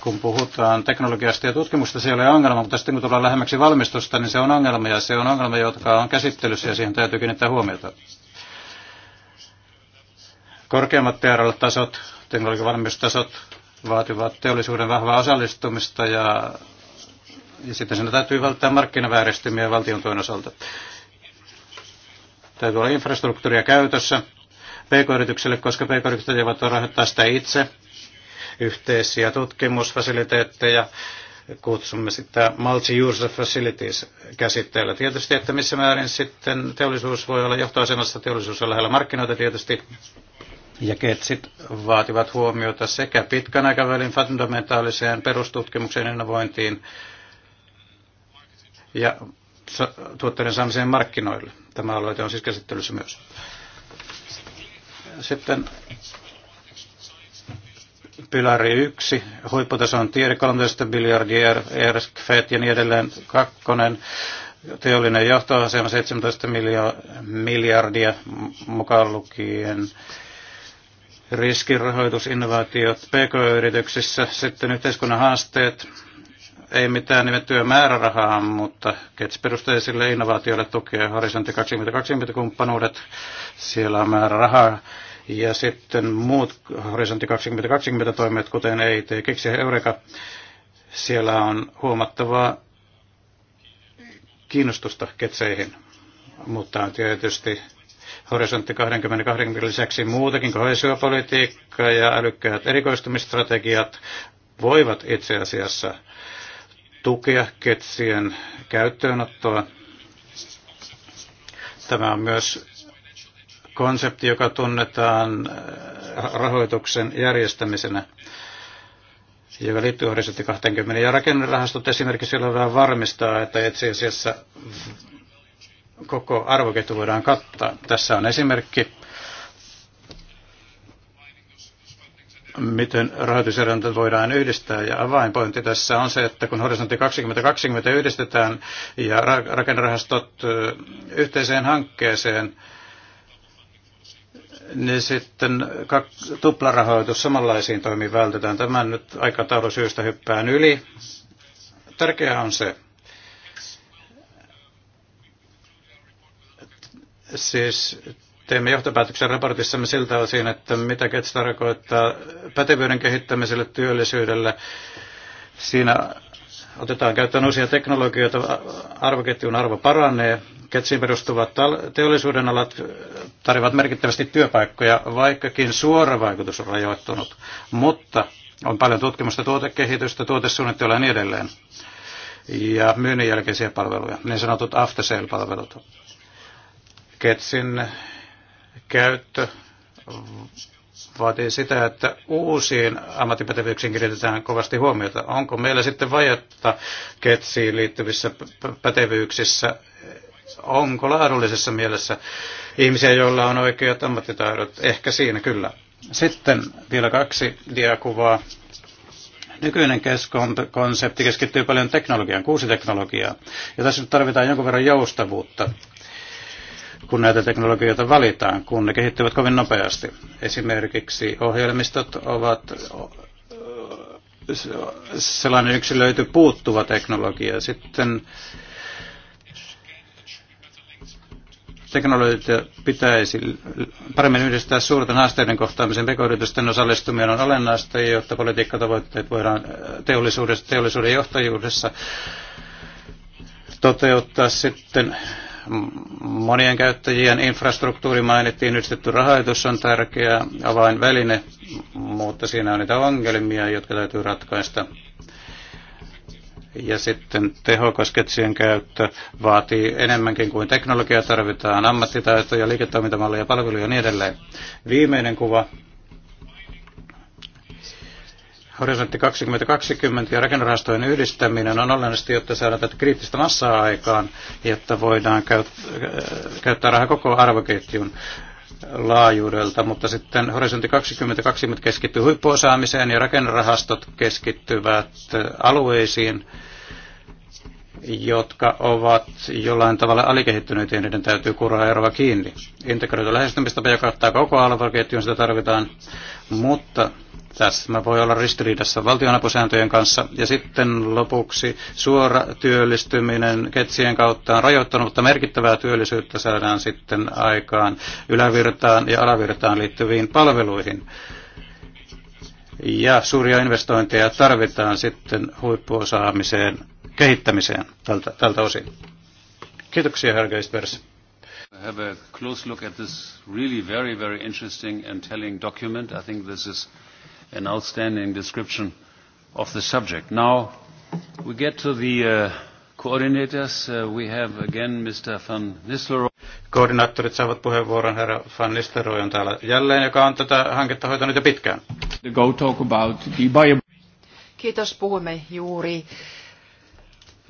Kun puhutaan teknologiasta ja tutkimusta, se ei ole ongelma, mutta sitten kun tullaan lähemmäksi valmistusta, niin se on ongelma, ja se on ongelma, jotka on käsittelyssä, ja siihen täytyy kiinnittää huomiota. Korkeammat TRL-tasot, teknologian valmiustasot, vaativat teollisuuden vahvaa osallistumista ja, ja sitten sen täytyy välttää markkinavääristymiä valtion tuen osalta. Täytyy olla infrastruktuuria käytössä pk yritykselle koska pk-yritykset voivat rahoittaa sitä itse. Yhteisiä tutkimusfasiliteetteja, kutsumme sitä multi-user facilities käsitteellä. Tietysti, että missä määrin sitten teollisuus voi olla johtoasemassa, teollisuus on lähellä markkinoita tietysti, ja ketsit vaativat huomiota sekä pitkän aikavälin fundamentaaliseen perustutkimuksen innovointiin ja tuotteiden saamiseen markkinoille. Tämä aloite on siis käsittelyssä myös. Sitten pilari 1, huipputason tiede 13 miljardia, ERSK, FED ja niin edelleen, kakkonen, teollinen johtoasema 17 miljardia, mukaan lukien riskirahoitusinnovaatiot PK-yrityksissä, sitten yhteiskunnan haasteet, ei mitään nimettyä määrärahaa, mutta KETS-perusteisille innovaatioille tukee Horisontti 2020 kumppanuudet, siellä on määrärahaa. Ja sitten muut Horisontti 2020 toimet, kuten EIT, Kiksi ja Eureka, siellä on huomattavaa kiinnostusta ketseihin. Mutta on tietysti Horisontti 2020 lisäksi muutakin kohesiopolitiikka ja älykkäät erikoistumistrategiat voivat itse asiassa tukea ketsien käyttöönottoa. Tämä on myös konsepti, joka tunnetaan äh, rahoituksen järjestämisenä, joka liittyy horisontti 20. Ja rakennerahastot esimerkiksi voidaan varmistaa, että itse asiassa koko arvoketju voidaan kattaa. Tässä on esimerkki, miten rahoitusjärjestelmät voidaan yhdistää. Ja avainpointti tässä on se, että kun horisontti 2020 yhdistetään ja rakennerahastot yhteiseen hankkeeseen, niin sitten tuplarahoitus samanlaisiin toimiin vältetään. Tämän nyt aikataulusyistä hyppään yli. Tärkeää on se, Siis teemme johtopäätöksen raportissamme siltä osin, että mitä Gets tarkoittaa pätevyyden kehittämiselle, työllisyydelle. Siinä otetaan käyttöön uusia teknologioita, arvoketjun arvo paranee, KETSiin perustuvat teollisuuden alat tarjoavat merkittävästi työpaikkoja, vaikkakin suora vaikutus on rajoittunut, mutta on paljon tutkimusta, tuotekehitystä, tuotesuunnittelua ja niin edelleen ja myynnin jälkeisiä palveluja, niin sanotut after sale-palvelut. Ketsin käyttö vaatii sitä, että uusiin ammattipätevyyksiin kiinnitetään kovasti huomiota. Onko meillä sitten vajetta ketsiin liittyvissä pätevyyksissä? Onko laadullisessa mielessä ihmisiä, joilla on oikeat ammattitaidot? Ehkä siinä kyllä. Sitten vielä kaksi diakuvaa. Nykyinen konsepti keskittyy paljon teknologiaan, kuusi teknologiaa. Ja tässä nyt tarvitaan jonkun verran joustavuutta kun näitä teknologioita valitaan, kun ne kehittyvät kovin nopeasti. Esimerkiksi ohjelmistot ovat sellainen yksilöity puuttuva teknologia. Sitten teknologioita pitäisi paremmin yhdistää suurten haasteiden kohtaamisen Pekoyritysten osallistuminen on olennaista, jotta politiikkatavoitteet voidaan äh, teollisuudessa, teollisuuden johtajuudessa toteuttaa sitten Monien käyttäjien infrastruktuuri mainittiin, yhdistetty rahoitus on tärkeä avainväline, mutta siinä on niitä ongelmia, jotka täytyy ratkaista. Ja sitten tehokasketsien käyttö vaatii enemmänkin kuin teknologiaa, tarvitaan ammattitaitoja, liiketoimintamalleja, palveluja ja niin edelleen. Viimeinen kuva Horisontti 2020 ja rakennerahastojen yhdistäminen on olennaista, jotta saadaan tätä kriittistä massaa aikaan, jotta voidaan äh, käyttää rahaa koko arvoketjun laajuudelta, mutta sitten Horisontti 2020 keskittyy huippuosaamiseen ja rakennerahastot keskittyvät alueisiin, jotka ovat jollain tavalla alikehittyneitä ja niiden täytyy kuraa eroa kiinni. Integroitu lähestymistapa, joka ottaa koko alvoketjun, sitä tarvitaan, mutta tässä voi olla ristiriidassa valtionapusääntöjen kanssa. Ja sitten lopuksi suora työllistyminen ketsien kautta on rajoittanut, mutta merkittävää työllisyyttä saadaan sitten aikaan ylävirtaan ja alavirtaan liittyviin palveluihin. Ja suuria investointeja tarvitaan sitten huippuosaamiseen kehittämiseen tältä, tältä osin. Kiitoksia, herra Geisbers. I have a close look at this really very, very interesting and telling document. I think this is an outstanding description of the subject. Now, we get to the uh, coordinators. Uh, we have again Mr. Van Nistelrooy. Koordinaattorit saavat puheenvuoron. Herra Van Nistelrooy on täällä jälleen, joka on tätä hanketta hoitanut jo pitkään. The go talk about the bio- Kiitos. Puhumme juuri uh,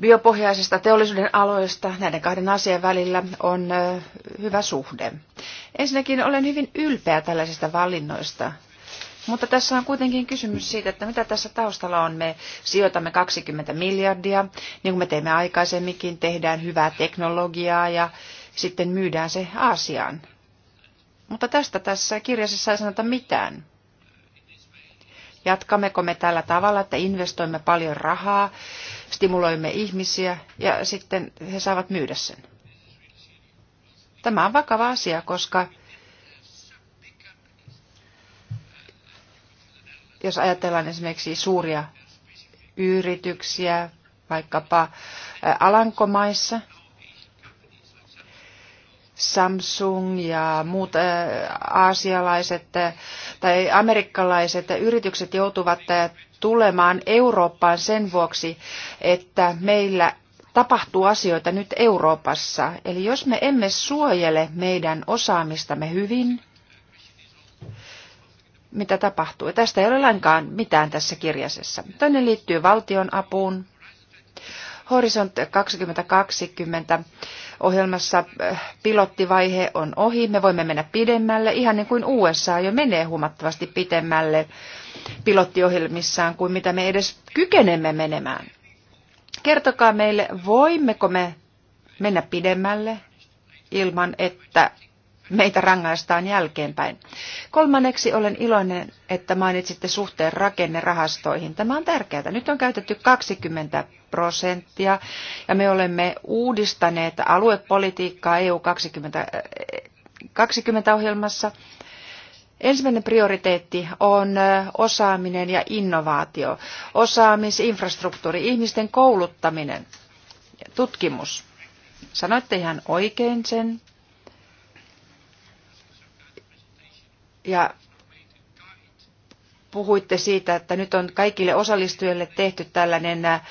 biopohjaisista teollisuuden aloista näiden kahden asian välillä on hyvä suhde. Ensinnäkin olen hyvin ylpeä tällaisista valinnoista, mutta tässä on kuitenkin kysymys siitä, että mitä tässä taustalla on. Me sijoitamme 20 miljardia, niin kuin me teimme aikaisemminkin, tehdään hyvää teknologiaa ja sitten myydään se Aasiaan. Mutta tästä tässä kirjassa ei sanota mitään. Jatkammeko me tällä tavalla, että investoimme paljon rahaa stimuloimme ihmisiä ja sitten he saavat myydä sen. Tämä on vakava asia, koska jos ajatellaan esimerkiksi suuria yrityksiä, vaikkapa Alankomaissa, Samsung ja muut äh, aasialaiset äh, tai amerikkalaiset yritykset joutuvat äh, tulemaan Eurooppaan sen vuoksi, että meillä tapahtuu asioita nyt Euroopassa. Eli jos me emme suojele meidän osaamistamme hyvin, mitä tapahtuu? Tästä ei ole lainkaan mitään tässä kirjasessa. Toinen liittyy valtion apuun. Horisont 2020 ohjelmassa äh, pilottivaihe on ohi. Me voimme mennä pidemmälle, ihan niin kuin USA jo menee huomattavasti pidemmälle pilottiohjelmissaan kuin mitä me edes kykenemme menemään. Kertokaa meille, voimmeko me mennä pidemmälle ilman, että meitä rangaistaan jälkeenpäin. Kolmanneksi olen iloinen, että mainitsitte suhteen rakennerahastoihin. Tämä on tärkeää. Nyt on käytetty 20 prosenttia ja me olemme uudistaneet aluepolitiikkaa EU 20, 20 ohjelmassa. Ensimmäinen prioriteetti on osaaminen ja innovaatio, osaamisinfrastruktuuri, ihmisten kouluttaminen, tutkimus. Sanoitte ihan oikein sen, Ja puhuitte siitä, että nyt on kaikille osallistujille tehty tällainen äh,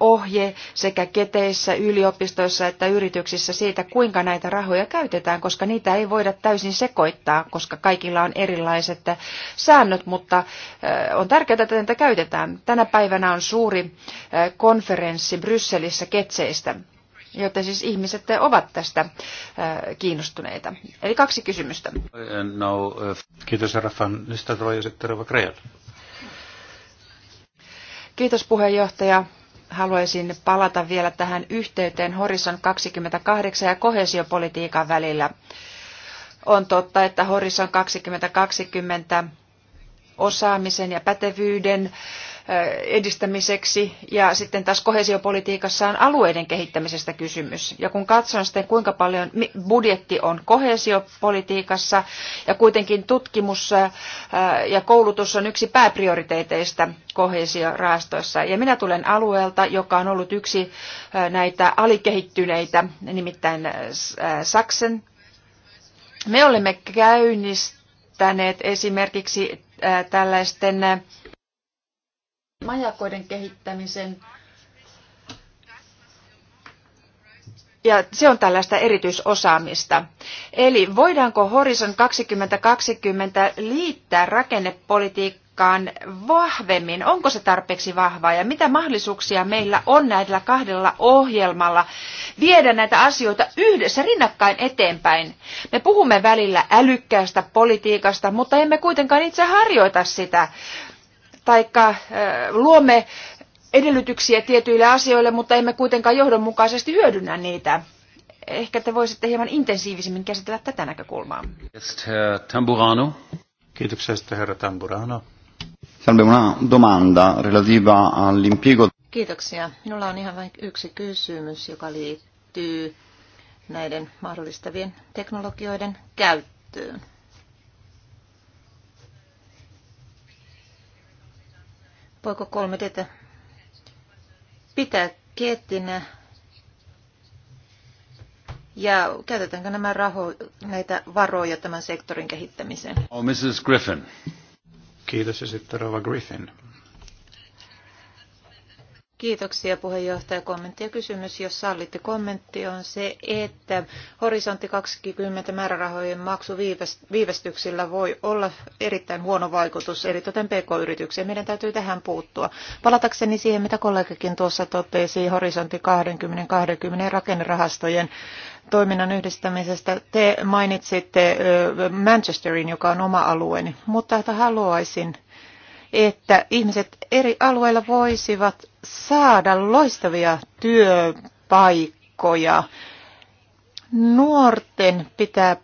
ohje sekä keteissä, yliopistoissa että yrityksissä siitä, kuinka näitä rahoja käytetään, koska niitä ei voida täysin sekoittaa, koska kaikilla on erilaiset äh, säännöt, mutta äh, on tärkeää, että niitä käytetään. Tänä päivänä on suuri konferenssi Brysselissä ketseistä. Joten siis ihmiset ovat tästä äh, kiinnostuneita. Eli kaksi kysymystä. No, kiitos Rafan Nistelrooy ja sitten Rova Kreel. Kiitos puheenjohtaja. Haluaisin palata vielä tähän yhteyteen Horizon 28 ja kohesiopolitiikan välillä. On totta, että Horizon 2020 osaamisen ja pätevyyden edistämiseksi ja sitten taas kohesiopolitiikassa on alueiden kehittämisestä kysymys. Ja kun katson sitten kuinka paljon budjetti on kohesiopolitiikassa ja kuitenkin tutkimus ja koulutus on yksi pääprioriteeteista kohesiorahastoissa. Ja minä tulen alueelta, joka on ollut yksi näitä alikehittyneitä, nimittäin Saksen. Me olemme käynnistäneet esimerkiksi tällaisten majakoiden kehittämisen. Ja se on tällaista erityisosaamista. Eli voidaanko Horizon 2020 liittää rakennepolitiikkaan vahvemmin? Onko se tarpeeksi vahvaa ja mitä mahdollisuuksia meillä on näillä kahdella ohjelmalla viedä näitä asioita yhdessä rinnakkain eteenpäin? Me puhumme välillä älykkäästä politiikasta, mutta emme kuitenkaan itse harjoita sitä tai luomme edellytyksiä tietyille asioille, mutta emme kuitenkaan johdonmukaisesti hyödynnä niitä. Ehkä te voisitte hieman intensiivisemmin käsitellä tätä näkökulmaa. Kiitoksia herra Tamburano. domanda Kiitoksia. Minulla on ihan vain yksi kysymys, joka liittyy näiden mahdollistavien teknologioiden käyttöön. Voiko kolme tätä pitää kettinä? Ja käytetäänkö nämä raho, näitä varoja tämän sektorin kehittämiseen? Oh, Mrs. Griffin. Kiitos ja sitten Rova Griffin. Kiitoksia puheenjohtaja. Kommentti ja kysymys, jos sallitte. Kommentti on se, että horisontti 20 määrärahojen maksu viivästyksillä voi olla erittäin huono vaikutus, eritoten pk-yrityksiä. Meidän täytyy tähän puuttua. Palatakseni siihen, mitä kollegakin tuossa totesi, horisontti 20-20 rakennerahastojen toiminnan yhdistämisestä. Te mainitsitte Manchesterin, joka on oma alueeni, mutta haluaisin että ihmiset eri alueilla voisivat saada loistavia työpaikkoja. Nuorten pitää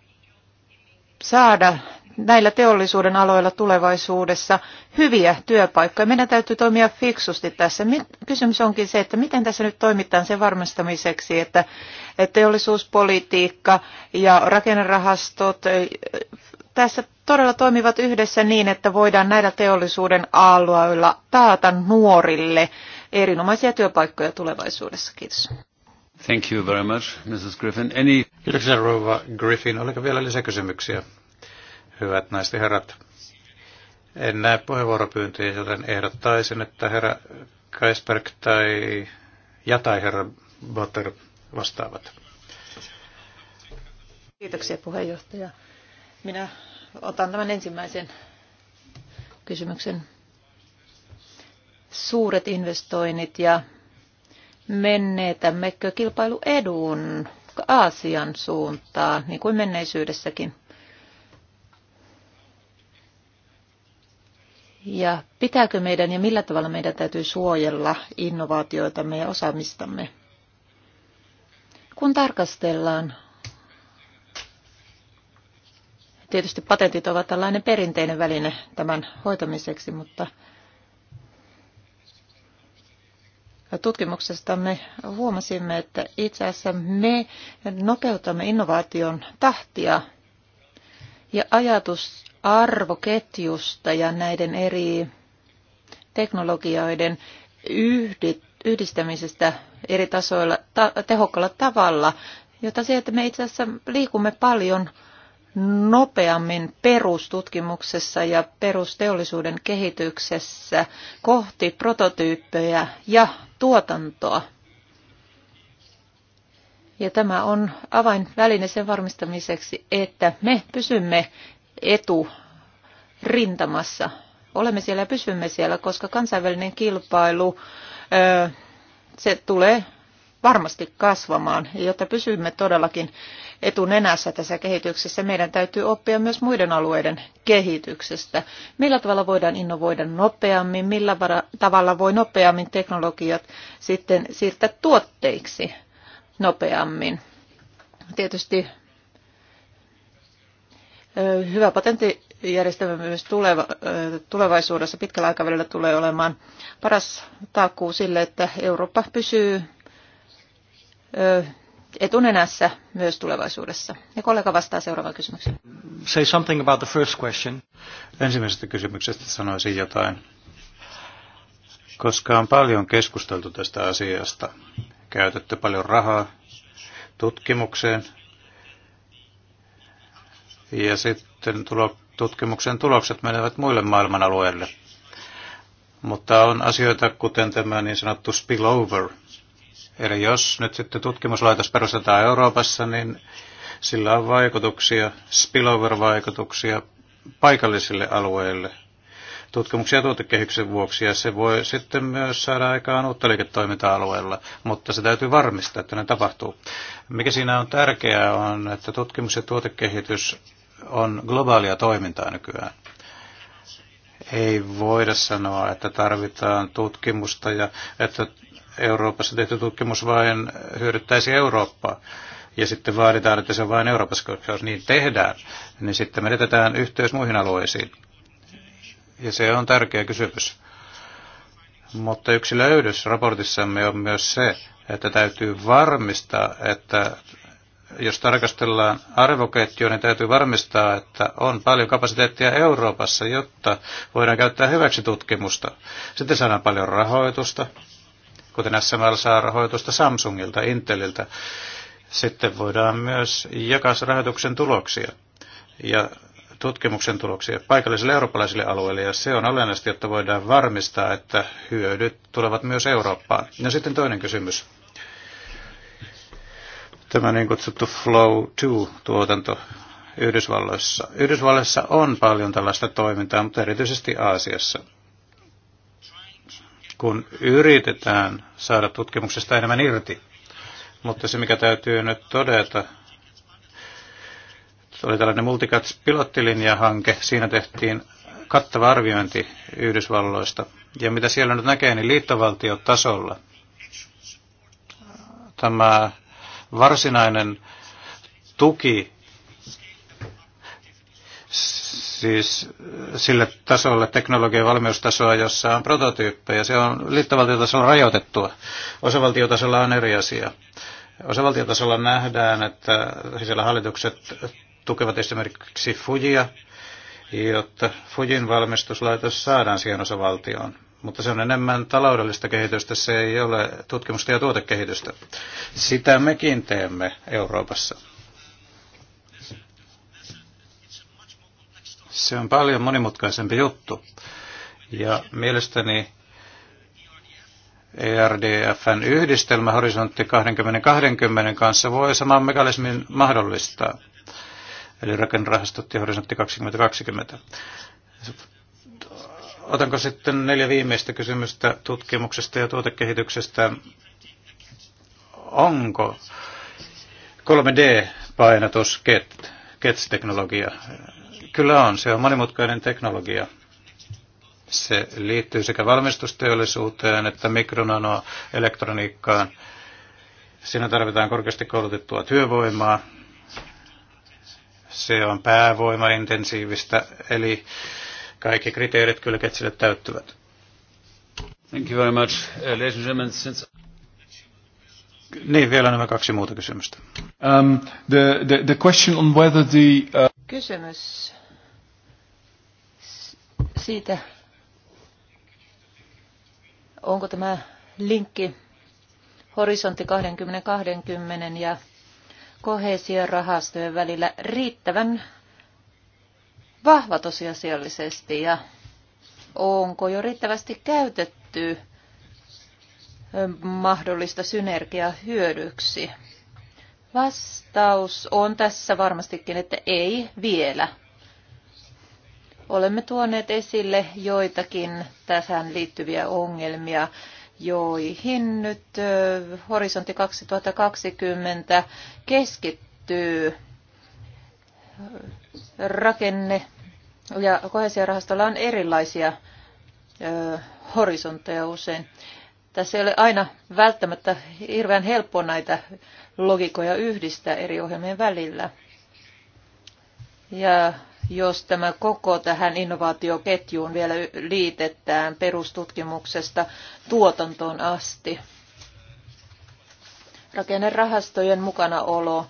saada näillä teollisuuden aloilla tulevaisuudessa hyviä työpaikkoja. Meidän täytyy toimia fiksusti tässä. Kysymys onkin se, että miten tässä nyt toimitaan sen varmistamiseksi, että teollisuuspolitiikka ja rakennerahastot tässä todella toimivat yhdessä niin, että voidaan näillä teollisuuden aloilla taata nuorille erinomaisia työpaikkoja tulevaisuudessa. Kiitos. Thank you very much, Mrs. Griffin. Any... Kiitoksia, rouva Griffin. Oliko vielä lisäkysymyksiä? Hyvät naiset ja herrat. En näe puheenvuoropyyntöjä, joten ehdottaisin, että herra Kaisberg tai ja tai herra Butter vastaavat. Kiitoksia puheenjohtaja. Minä otan tämän ensimmäisen kysymyksen suuret investoinnit ja menneetämmekö kilpailuedun Aasian suuntaan, niin kuin menneisyydessäkin. Ja pitääkö meidän ja millä tavalla meidän täytyy suojella innovaatioitamme ja osaamistamme? Kun tarkastellaan, tietysti patentit ovat tällainen perinteinen väline tämän hoitamiseksi, mutta tutkimuksestamme huomasimme, että itse asiassa me nopeutamme innovaation tahtia ja ajatus arvoketjusta ja näiden eri teknologioiden yhdistämisestä eri tasoilla ta- tehokkaalla tavalla, jota se, että me itse asiassa liikumme paljon nopeammin perustutkimuksessa ja perusteollisuuden kehityksessä kohti prototyyppejä ja tuotantoa. Ja tämä on avainväline sen varmistamiseksi, että me pysymme etu rintamassa. Olemme siellä ja pysymme siellä, koska kansainvälinen kilpailu se tulee varmasti kasvamaan, jotta pysymme todellakin etunenässä tässä kehityksessä. Meidän täytyy oppia myös muiden alueiden kehityksestä. Millä tavalla voidaan innovoida nopeammin, millä tavalla voi nopeammin teknologiat sitten siirtää tuotteiksi nopeammin. Tietysti hyvä järjestelmä myös tulevaisuudessa pitkällä aikavälillä tulee olemaan paras takuu sille, että Eurooppa pysyy etunenässä myös tulevaisuudessa. Ja kollega vastaa seuraavaan kysymykseen. Say something about the first question. Ensimmäisestä kysymyksestä sanoisin jotain, koska on paljon keskusteltu tästä asiasta. Käytetty paljon rahaa tutkimukseen ja sitten tulo, tutkimuksen tulokset menevät muille maailman alueille. Mutta on asioita, kuten tämä niin sanottu spillover – Eli jos nyt sitten tutkimuslaitos perustetaan Euroopassa, niin sillä on vaikutuksia, spillover-vaikutuksia paikallisille alueille tutkimuksia tuotekehyksen vuoksi, ja se voi sitten myös saada aikaan uutta liiketoimintaa alueella, mutta se täytyy varmistaa, että ne tapahtuu. Mikä siinä on tärkeää on, että tutkimus ja tuotekehitys on globaalia toimintaa nykyään. Ei voida sanoa, että tarvitaan tutkimusta ja että Euroopassa tehty tutkimus vain hyödyttäisi Eurooppaa ja sitten vaaditaan, että se on vain Euroopassa, koska jos niin tehdään, niin sitten menetetään yhteys muihin alueisiin. Ja se on tärkeä kysymys. Mutta yksi löydys raportissamme on myös se, että täytyy varmistaa, että jos tarkastellaan arvoketjua, niin täytyy varmistaa, että on paljon kapasiteettia Euroopassa, jotta voidaan käyttää hyväksi tutkimusta. Sitten saadaan paljon rahoitusta, kuten SML saa rahoitusta Samsungilta, Inteliltä. Sitten voidaan myös jakaa rahoituksen tuloksia ja tutkimuksen tuloksia paikallisille eurooppalaisille alueille, ja se on olennaista, jotta voidaan varmistaa, että hyödyt tulevat myös Eurooppaan. Ja sitten toinen kysymys. Tämä niin kutsuttu Flow 2-tuotanto Yhdysvalloissa. Yhdysvalloissa on paljon tällaista toimintaa, mutta erityisesti Aasiassa kun yritetään saada tutkimuksesta enemmän irti. Mutta se, mikä täytyy nyt todeta, oli tällainen Multicats-pilottilinjahanke. Siinä tehtiin kattava arviointi Yhdysvalloista. Ja mitä siellä nyt näkee, niin liittovaltiotasolla tämä varsinainen tuki siis äh, sille tasolle, teknologian valmiustasoa, jossa on prototyyppejä. Se on liittovaltiotasolla rajoitettua. Osavaltiotasolla on eri asia. Osavaltiotasolla nähdään, että siellä hallitukset tukevat esimerkiksi Fujia, jotta Fujin valmistuslaitos saadaan siihen osavaltioon. Mutta se on enemmän taloudellista kehitystä, se ei ole tutkimusta ja tuotekehitystä. Sitä mekin teemme Euroopassa. Se on paljon monimutkaisempi juttu. Ja mielestäni ERDFn yhdistelmä horisontti 2020 kanssa voi saman mekanismin mahdollistaa. Eli rakennerahastot ja horisontti 2020. Otanko sitten neljä viimeistä kysymystä tutkimuksesta ja tuotekehityksestä. Onko 3D-painotus KET, KETS-teknologia Kyllä on, se on monimutkainen teknologia. Se liittyy sekä valmistusteollisuuteen että mikronanoelektroniikkaan. Siinä tarvitaan korkeasti koulutettua työvoimaa. Se on päävoimaintensiivistä, eli kaikki kriteerit kyllä ketsille täyttyvät. Thank you very much. Uh, ladies and gentlemen, since... Niin, vielä nämä kaksi muuta kysymystä. Um, the, the, the question on whether the, uh... Kysymys siitä, onko tämä linkki horisontti 2020 ja kohesiorahastojen välillä riittävän vahva tosiasiallisesti ja onko jo riittävästi käytetty mahdollista synergiaa hyödyksi? Vastaus on tässä varmastikin, että ei vielä olemme tuoneet esille joitakin tähän liittyviä ongelmia, joihin nyt Horisontti 2020 keskittyy rakenne ja kohesiorahastolla on erilaisia horisontteja usein. Tässä ei ole aina välttämättä hirveän helppo näitä logikoja yhdistää eri ohjelmien välillä. Ja jos tämä koko tähän innovaatioketjuun vielä liitetään perustutkimuksesta tuotantoon asti. Rakennerahastojen mukanaolo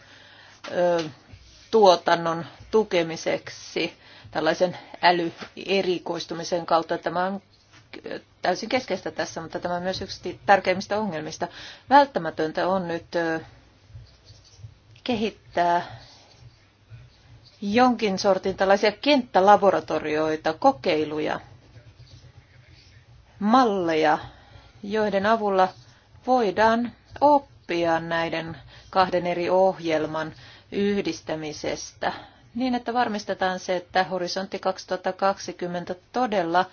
tuotannon tukemiseksi tällaisen älyerikoistumisen kautta. Tämä on täysin keskeistä tässä, mutta tämä on myös yksi tärkeimmistä ongelmista. Välttämätöntä on nyt kehittää jonkin sortin tällaisia kenttälaboratorioita, kokeiluja, malleja, joiden avulla voidaan oppia näiden kahden eri ohjelman yhdistämisestä niin, että varmistetaan se, että horisontti 2020 todella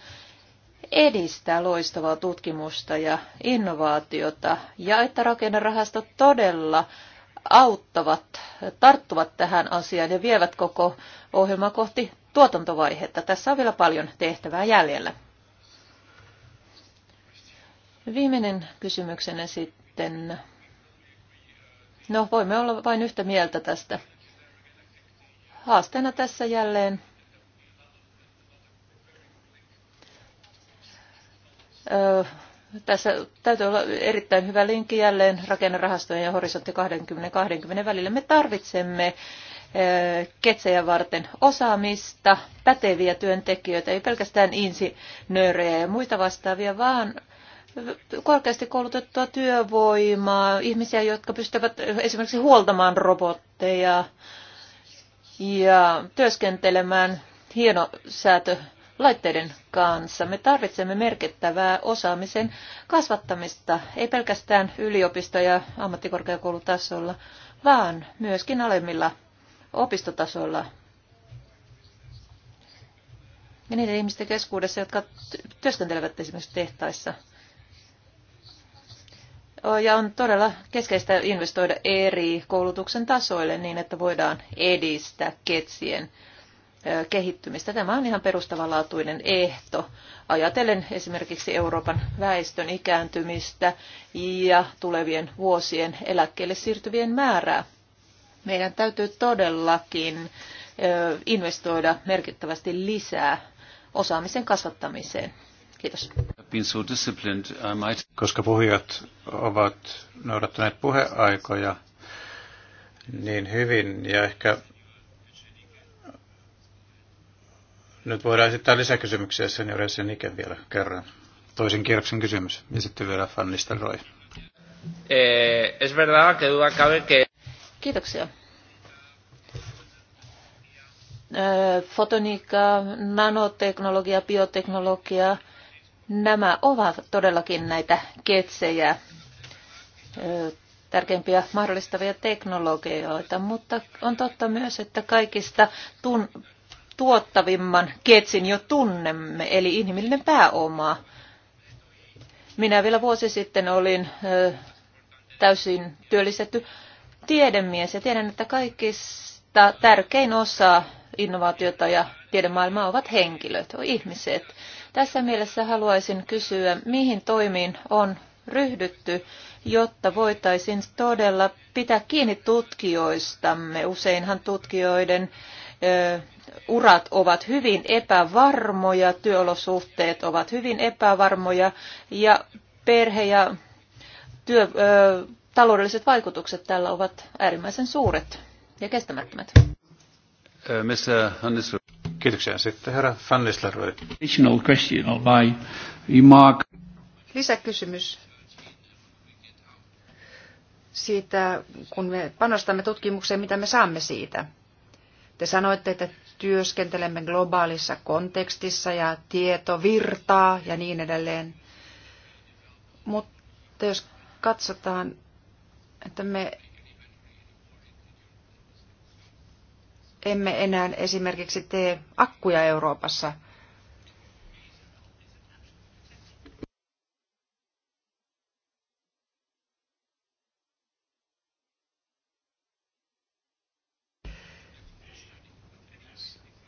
edistää loistavaa tutkimusta ja innovaatiota ja että rakennerahasto todella auttavat, tarttuvat tähän asiaan ja vievät koko ohjelmaa kohti tuotantovaihetta. Tässä on vielä paljon tehtävää jäljellä. Viimeinen kysymyksenne sitten. No, voimme olla vain yhtä mieltä tästä. Haasteena tässä jälleen öö, tässä täytyy olla erittäin hyvä linkki jälleen rakennerahastojen ja horisontti 20-20 välillä. Me tarvitsemme eh, ketsejä varten osaamista, päteviä työntekijöitä, ei pelkästään insinöörejä ja muita vastaavia, vaan korkeasti koulutettua työvoimaa, ihmisiä, jotka pystyvät esimerkiksi huoltamaan robotteja ja työskentelemään säätö laitteiden kanssa. Me tarvitsemme merkittävää osaamisen kasvattamista, ei pelkästään yliopisto- ja ammattikorkeakoulutasolla, vaan myöskin alemmilla opistotasoilla ja niiden ihmisten keskuudessa, jotka työskentelevät esimerkiksi tehtaissa. Ja on todella keskeistä investoida eri koulutuksen tasoille niin, että voidaan edistää ketsien kehittymistä. Tämä on ihan perustavanlaatuinen ehto. Ajatellen esimerkiksi Euroopan väestön ikääntymistä ja tulevien vuosien eläkkeelle siirtyvien määrää. Meidän täytyy todellakin investoida merkittävästi lisää osaamisen kasvattamiseen. Kiitos. Koska puhujat ovat noudattaneet puheaikoja niin hyvin ja ehkä Nyt voidaan esittää lisäkysymyksiä senior Senike vielä kerran. Toisen kierroksen kysymys ja sitten vielä fannista Roy. Eh, es verdad que duda cabe que... Kiitoksia. Eh, fotoniikka, nanoteknologia, bioteknologia, nämä ovat todellakin näitä ketsejä, eh, tärkeimpiä mahdollistavia teknologioita, mutta on totta myös, että kaikista tun- tuottavimman ketsin jo tunnemme, eli inhimillinen pääoma. Minä vielä vuosi sitten olin täysin työllistetty tiedemies ja tiedän, että kaikista tärkein osa innovaatiota ja tiedemaailmaa ovat henkilöt, ihmiset. Tässä mielessä haluaisin kysyä, mihin toimiin on ryhdytty, jotta voitaisiin todella pitää kiinni tutkijoistamme. Useinhan tutkijoiden urat ovat hyvin epävarmoja, työolosuhteet ovat hyvin epävarmoja ja perhe ja työ, ö, taloudelliset vaikutukset tällä ovat äärimmäisen suuret ja kestämättömät. Missä Hannes Kiitoksia. Sitten herra Van Lisäkysymys siitä, kun me panostamme tutkimukseen, mitä me saamme siitä. Te sanoitte, että työskentelemme globaalissa kontekstissa ja tieto virtaa ja niin edelleen. Mutta jos katsotaan, että me emme enää esimerkiksi tee akkuja Euroopassa –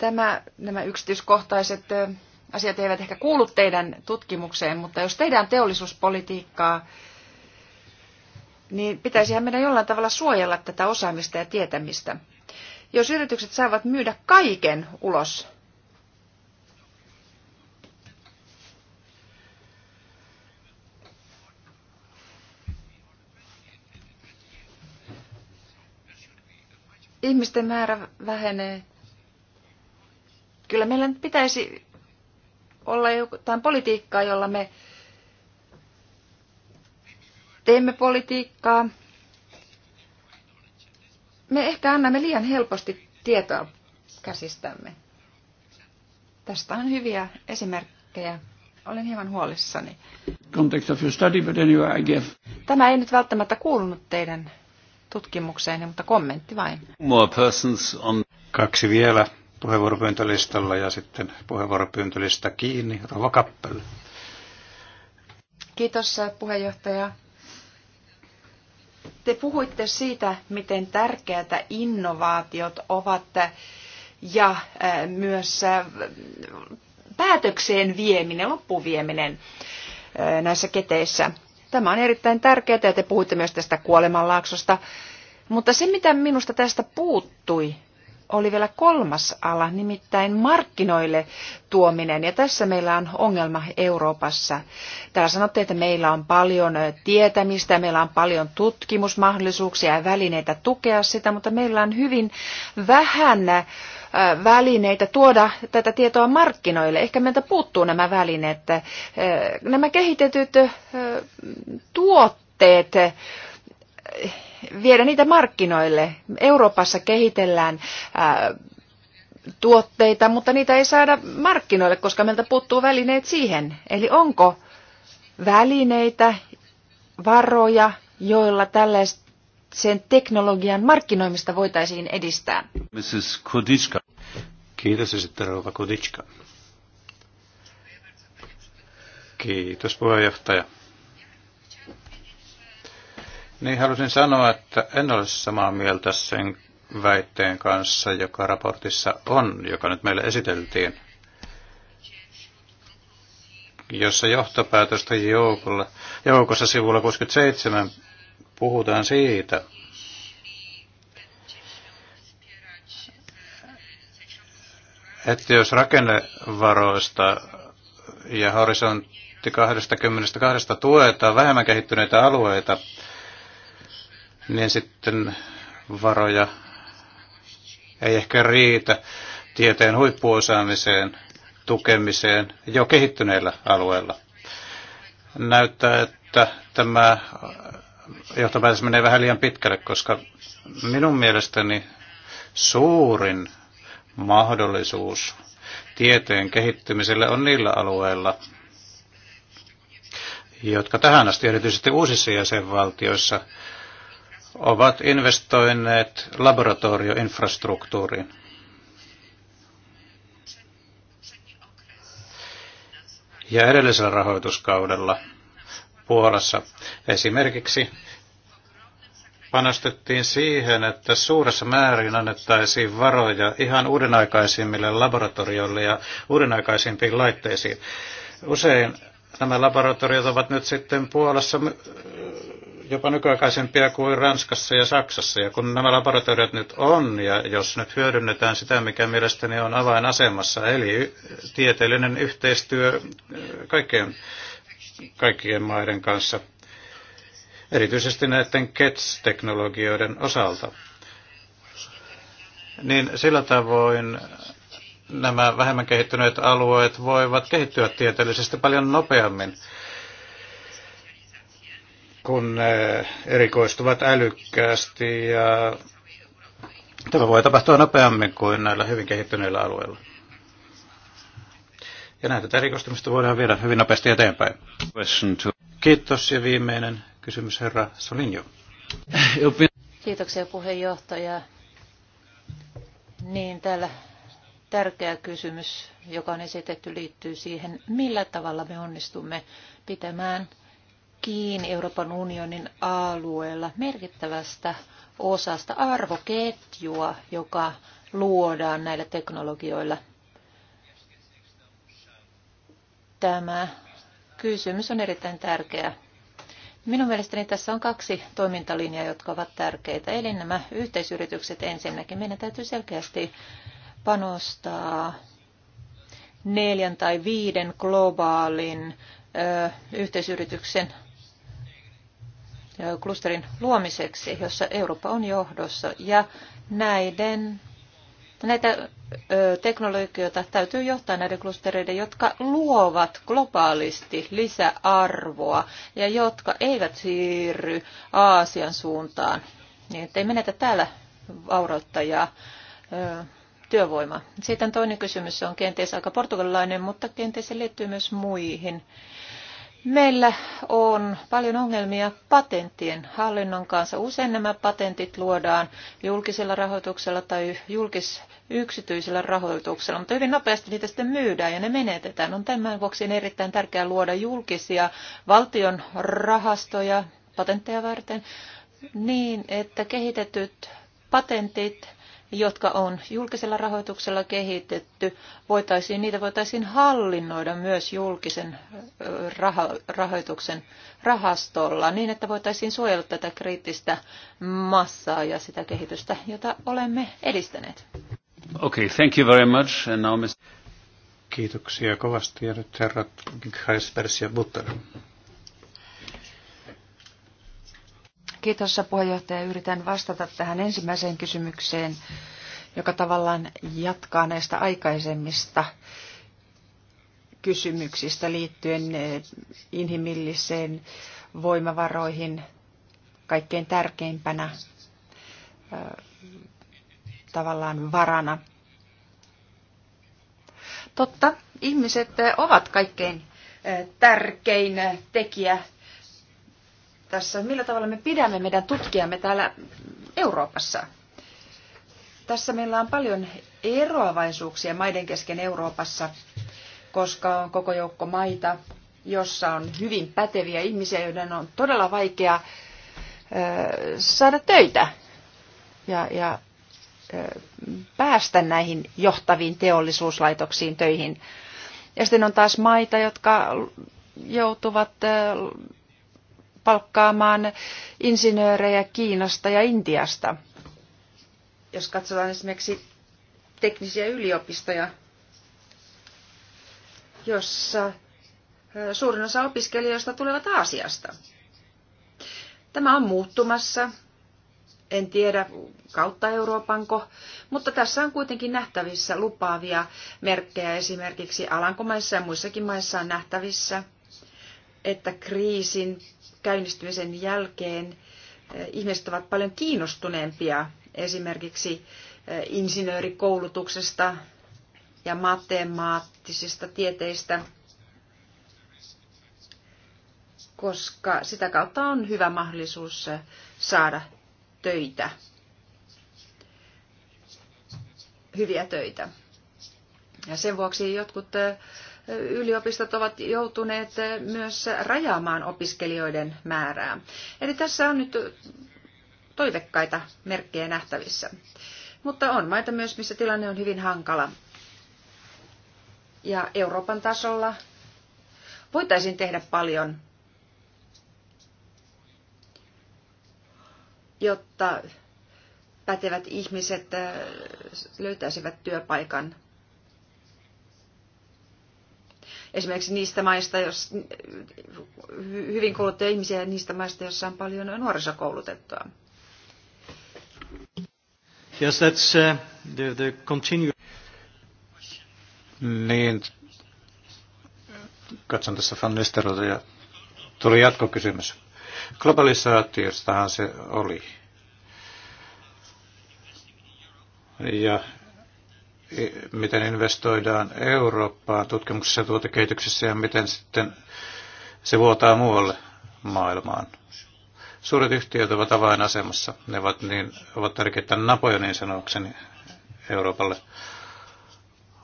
Tämä, nämä yksityiskohtaiset asiat eivät ehkä kuulu teidän tutkimukseen, mutta jos tehdään teollisuuspolitiikkaa, niin pitäisihän meidän jollain tavalla suojella tätä osaamista ja tietämistä. Jos yritykset saavat myydä kaiken ulos, ihmisten määrä vähenee Kyllä meillä nyt pitäisi olla jotain politiikkaa, jolla me teemme politiikkaa. Me ehkä annamme liian helposti tietoa käsistämme. Tästä on hyviä esimerkkejä. Olen hieman huolissani. of your study, but anyway, I give. Tämä ei nyt välttämättä kuulunut teidän tutkimukseen, mutta kommentti vain. More persons on... Kaksi vielä puheenvuoropyyntölistalla ja sitten puheenvuoropyyntölistä kiinni. Rova Kappelle. Kiitos puheenjohtaja. Te puhuitte siitä, miten tärkeätä innovaatiot ovat ja myös päätökseen vieminen, loppuvieminen näissä keteissä. Tämä on erittäin tärkeää ja te puhuitte myös tästä kuolemanlaaksosta. Mutta se, mitä minusta tästä puuttui, oli vielä kolmas ala, nimittäin markkinoille tuominen. Ja tässä meillä on ongelma Euroopassa. Täällä sanottiin, että meillä on paljon tietämistä, meillä on paljon tutkimusmahdollisuuksia ja välineitä tukea sitä, mutta meillä on hyvin vähän äh, välineitä tuoda tätä tietoa markkinoille. Ehkä meiltä puuttuu nämä välineet. Äh, nämä kehitetyt äh, tuotteet, viedä niitä markkinoille. Euroopassa kehitellään ää, äh, tuotteita, mutta niitä ei saada markkinoille, koska meiltä puuttuu välineet siihen. Eli onko välineitä, varoja, joilla tällaisen teknologian markkinoimista voitaisiin edistää? Mrs. Kodichka. Kiitos ja sitten rouva Kodichka. Kiitos puheenjohtaja. Niin halusin sanoa, että en ole samaa mieltä sen väitteen kanssa, joka raportissa on, joka nyt meille esiteltiin, jossa johtopäätöstä joukolla, joukossa sivulla 67 puhutaan siitä, että jos rakennevaroista ja horisontti 22 tuetaan vähemmän kehittyneitä alueita, niin sitten varoja ei ehkä riitä tieteen huippuosaamiseen, tukemiseen jo kehittyneillä alueilla. Näyttää, että tämä johtopäätös menee vähän liian pitkälle, koska minun mielestäni suurin mahdollisuus tieteen kehittymiselle on niillä alueilla, jotka tähän asti erityisesti uusissa jäsenvaltioissa ovat investoineet laboratorioinfrastruktuuriin. Ja edellisellä rahoituskaudella Puolassa esimerkiksi panostettiin siihen, että suuressa määrin annettaisiin varoja ihan uudenaikaisimmille laboratorioille ja uudenaikaisimpiin laitteisiin. Usein nämä laboratoriot ovat nyt sitten Puolassa jopa nykyaikaisempia kuin Ranskassa ja Saksassa. Ja kun nämä laboratoriot nyt on, ja jos nyt hyödynnetään sitä, mikä mielestäni on avainasemassa, eli tieteellinen yhteistyö kaikkien, kaikkien maiden kanssa, erityisesti näiden kets teknologioiden osalta, niin sillä tavoin nämä vähemmän kehittyneet alueet voivat kehittyä tieteellisesti paljon nopeammin kun ne äh, erikoistuvat älykkäästi ja tämä voi tapahtua nopeammin kuin näillä hyvin kehittyneillä alueilla. Ja näitä erikoistumista voidaan viedä hyvin nopeasti eteenpäin. Kiitos ja viimeinen kysymys herra Solinjo. Kiitoksia puheenjohtaja. Niin, täällä tärkeä kysymys, joka on esitetty, liittyy siihen, millä tavalla me onnistumme pitämään kiin Euroopan unionin alueella merkittävästä osasta arvoketjua, joka luodaan näillä teknologioilla. Tämä kysymys on erittäin tärkeä. Minun mielestäni tässä on kaksi toimintalinjaa, jotka ovat tärkeitä. Eli nämä yhteisyritykset ensinnäkin. Meidän täytyy selkeästi panostaa neljän tai viiden globaalin ö, yhteisyrityksen klusterin luomiseksi, jossa Eurooppa on johdossa. Ja näiden, näitä teknologioita täytyy johtaa näiden klustereiden, jotka luovat globaalisti lisäarvoa ja jotka eivät siirry Aasian suuntaan, niin ettei menetä täällä vaurautta ja työvoimaa. Sitten toinen kysymys on kenties aika portugalilainen, mutta kenties se liittyy myös muihin Meillä on paljon ongelmia patenttien hallinnon kanssa. Usein nämä patentit luodaan julkisella rahoituksella tai julkis yksityisellä rahoituksella, mutta hyvin nopeasti niitä sitten myydään ja ne menetetään. On tämän vuoksi erittäin tärkeää luoda julkisia valtion rahastoja patentteja varten niin, että kehitetyt patentit – jotka on julkisella rahoituksella kehitetty, voitaisiin, niitä voitaisiin hallinnoida myös julkisen raho, rahoituksen rahastolla niin, että voitaisiin suojella tätä kriittistä massaa ja sitä kehitystä, jota olemme edistäneet. Okay, thank you very much. And now Kiitoksia kovasti ja nyt herrat Kaisvers ja Butter. Kiitos puheenjohtaja. Yritän vastata tähän ensimmäiseen kysymykseen, joka tavallaan jatkaa näistä aikaisemmista kysymyksistä liittyen eh, inhimilliseen voimavaroihin kaikkein tärkeimpänä eh, tavallaan varana. Totta, ihmiset eh, ovat kaikkein tärkein tekijä tässä, millä tavalla me pidämme meidän tutkijamme täällä Euroopassa. Tässä meillä on paljon eroavaisuuksia maiden kesken Euroopassa, koska on koko joukko maita, jossa on hyvin päteviä ihmisiä, joiden on todella vaikea saada töitä ja, ja päästä näihin johtaviin teollisuuslaitoksiin töihin. Ja sitten on taas maita, jotka joutuvat palkkaamaan insinöörejä Kiinasta ja Intiasta. Jos katsotaan esimerkiksi teknisiä yliopistoja, jossa suurin osa opiskelijoista tulevat Aasiasta. Tämä on muuttumassa. En tiedä kautta Euroopanko, mutta tässä on kuitenkin nähtävissä lupaavia merkkejä esimerkiksi Alankomaissa ja muissakin maissa on nähtävissä, että kriisin käynnistymisen jälkeen eh, ihmiset ovat paljon kiinnostuneempia esimerkiksi eh, insinöörikoulutuksesta ja matemaattisista tieteistä, koska sitä kautta on hyvä mahdollisuus eh, saada töitä, hyviä töitä. Ja sen vuoksi jotkut yliopistot ovat joutuneet myös rajaamaan opiskelijoiden määrää. Eli tässä on nyt toivekkaita merkkejä nähtävissä. Mutta on maita myös, missä tilanne on hyvin hankala. Ja Euroopan tasolla voitaisiin tehdä paljon, jotta pätevät ihmiset löytäisivät työpaikan esimerkiksi niistä maista, jos, hyvin kouluttuja ihmisiä niistä maista, joissa on paljon nuorisokoulutettua. Yes, that's uh, the, the continue. Niin, katson tässä Van Nistelrooylta ja tuli jatkokysymys. Globalisaatiostahan se oli. Ja miten investoidaan Eurooppaan tutkimuksessa ja tuotekehityksessä ja miten sitten se vuotaa muualle maailmaan. Suuret yhtiöt ovat avainasemassa. Ne ovat, niin, ovat tärkeitä napoja niin sanokseni Euroopalle.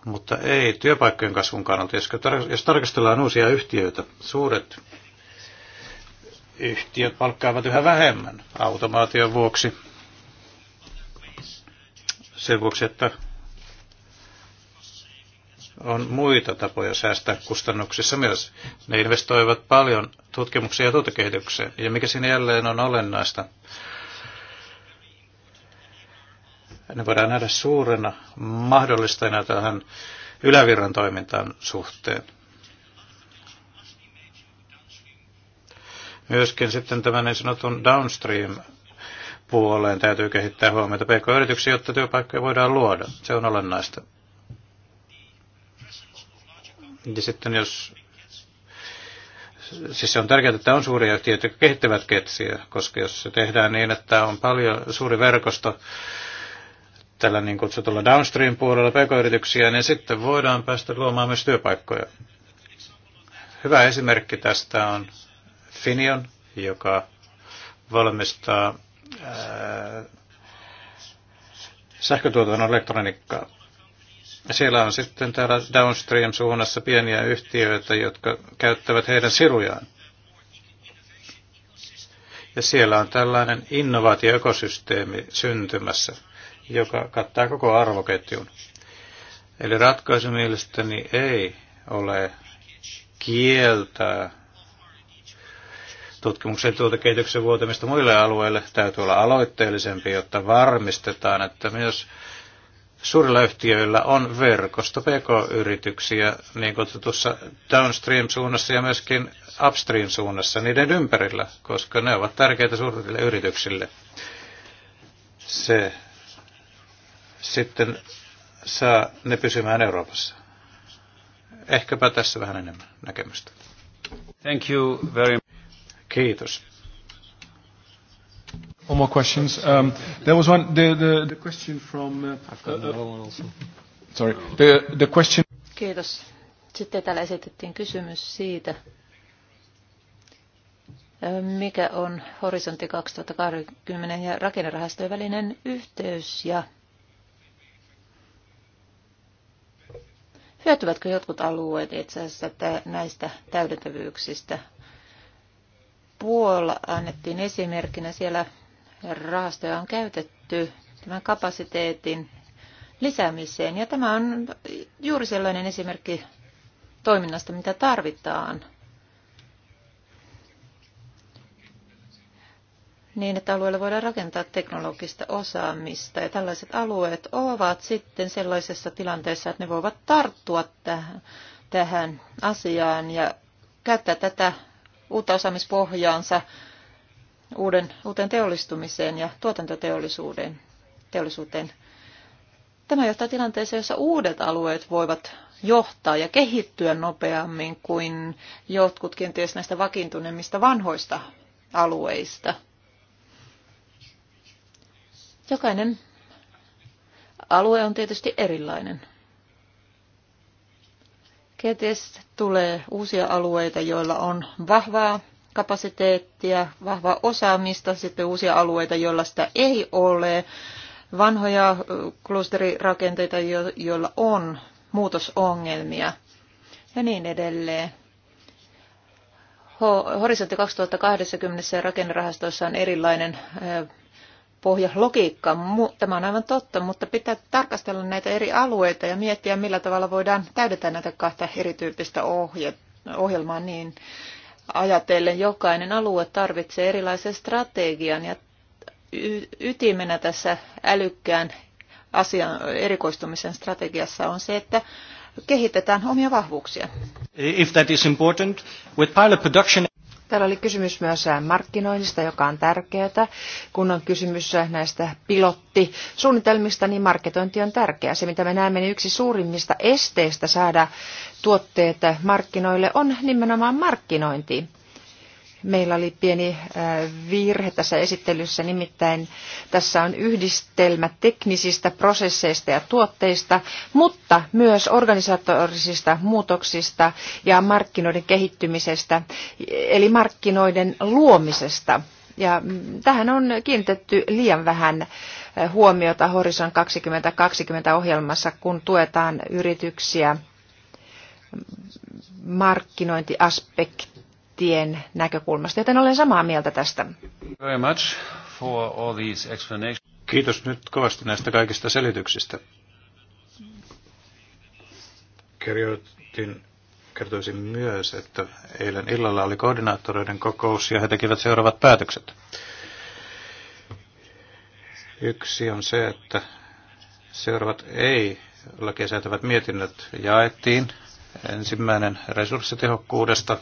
Mutta ei työpaikkojen kasvun kannalta. Jos, jos tarkastellaan uusia yhtiöitä, suuret yhtiöt palkkaavat yhä vähemmän automaation vuoksi. Sen vuoksi, että on muita tapoja säästää kustannuksissa myös. Ne investoivat paljon tutkimukseen ja tuotekehitykseen. Ja mikä siinä jälleen on olennaista, ne voidaan nähdä suurena mahdollistajana tähän ylävirran toimintaan suhteen. Myöskin sitten tämän niin sanotun downstream puoleen täytyy kehittää huomiota pk-yrityksiä, jotta työpaikkoja voidaan luoda. Se on olennaista. Ja niin sitten jos, siis se on tärkeää, että on suuria yhtiöitä, jotka kehittävät ketsiä, koska jos se tehdään niin, että on paljon suuri verkosto tällä niin kutsutulla downstream-puolella pk-yrityksiä, niin sitten voidaan päästä luomaan myös työpaikkoja. Hyvä esimerkki tästä on Finion, joka valmistaa ää, sähkötuotannon elektroniikkaa. Siellä on sitten täällä downstream-suunnassa pieniä yhtiöitä, jotka käyttävät heidän sirujaan. Ja siellä on tällainen innovaatioekosysteemi syntymässä, joka kattaa koko arvoketjun. Eli ratkaisu mielestäni ei ole kieltää tutkimuksen tuotekehityksen vuotamista muille alueille. Täytyy olla aloitteellisempi, jotta varmistetaan, että myös Suurilla yhtiöillä on verkosto PK-yrityksiä niin kutsutussa downstream-suunnassa ja myöskin upstream-suunnassa niiden ympärillä, koska ne ovat tärkeitä suurille yrityksille. Se sitten saa ne pysymään Euroopassa. Ehkäpä tässä vähän enemmän näkemystä. Thank you very much. Kiitos. One more questions. Um, there was one, the, the, the question from... Uh, I've got another one also. Uh, sorry. The, the question... Kiitos. Sitten täällä esitettiin kysymys siitä, mikä on horisontti 2020 ja rakennerahastojen välinen yhteys ja hyötyvätkö jotkut alueet itse asiassa näistä täydentävyyksistä? Puola annettiin esimerkkinä, siellä rahastoja on käytetty tämän kapasiteetin lisäämiseen. Ja tämä on juuri sellainen esimerkki toiminnasta, mitä tarvitaan. niin, että alueelle voidaan rakentaa teknologista osaamista. Ja tällaiset alueet ovat sitten sellaisessa tilanteessa, että ne voivat tarttua tähän, tähän asiaan ja käyttää tätä uutta osaamispohjaansa uuden, uuteen teollistumiseen ja tuotantoteollisuuteen. Teollisuuteen. Tämä johtaa tilanteeseen, jossa uudet alueet voivat johtaa ja kehittyä nopeammin kuin jotkut kenties näistä vakiintuneemmista vanhoista alueista. Jokainen alue on tietysti erilainen. Kenties tulee uusia alueita, joilla on vahvaa kapasiteettia, vahvaa osaamista, sitten uusia alueita, joilla sitä ei ole, vanhoja klusterirakenteita, joilla on muutosongelmia ja niin edelleen. Horisontti 2020 ja rakennerahastoissa on erilainen pohjalogiikka. Tämä on aivan totta, mutta pitää tarkastella näitä eri alueita ja miettiä, millä tavalla voidaan täydentää näitä kahta erityyppistä ohjelmaa niin, ajatellen jokainen alue tarvitsee erilaisen strategian ja ytimenä tässä älykkään asian erikoistumisen strategiassa on se, että kehitetään omia vahvuuksia. If that is important, with pilot production... Täällä oli kysymys myös markkinoinnista, joka on tärkeää. Kun on kysymys näistä pilottisuunnitelmista, niin marketointi on tärkeää. Se, mitä me näemme, niin yksi suurimmista esteistä saada tuotteet markkinoille on nimenomaan markkinointi. Meillä oli pieni äh, virhe tässä esittelyssä, nimittäin tässä on yhdistelmä teknisistä prosesseista ja tuotteista, mutta myös organisatorisista muutoksista ja markkinoiden kehittymisestä, eli markkinoiden luomisesta. Ja mm, tähän on kiinnitetty liian vähän äh, huomiota Horizon 2020 ohjelmassa, kun tuetaan yrityksiä mm, markkinointiaspekti brittien näkökulmasta, joten olen samaa mieltä tästä. Kiitos nyt kovasti näistä kaikista selityksistä. Kirjoitin, kertoisin myös, että eilen illalla oli koordinaattoreiden kokous ja he tekivät seuraavat päätökset. Yksi on se, että seuraavat ei-lakia säätävät mietinnöt jaettiin. Ensimmäinen resurssitehokkuudesta,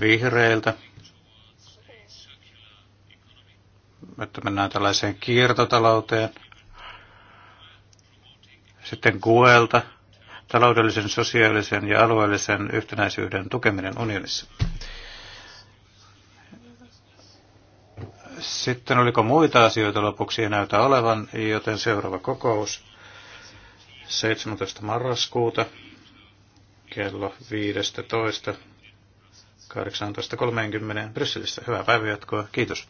vihreiltä, että mennään tällaiseen kiertotalouteen. Sitten kuelta taloudellisen, sosiaalisen ja alueellisen yhtenäisyyden tukeminen unionissa. Sitten oliko muita asioita lopuksi ei näytä olevan, joten seuraava kokous 17. marraskuuta kello 15. 18.30 Brysselissä. Hyvää päivänjatkoa. Kiitos.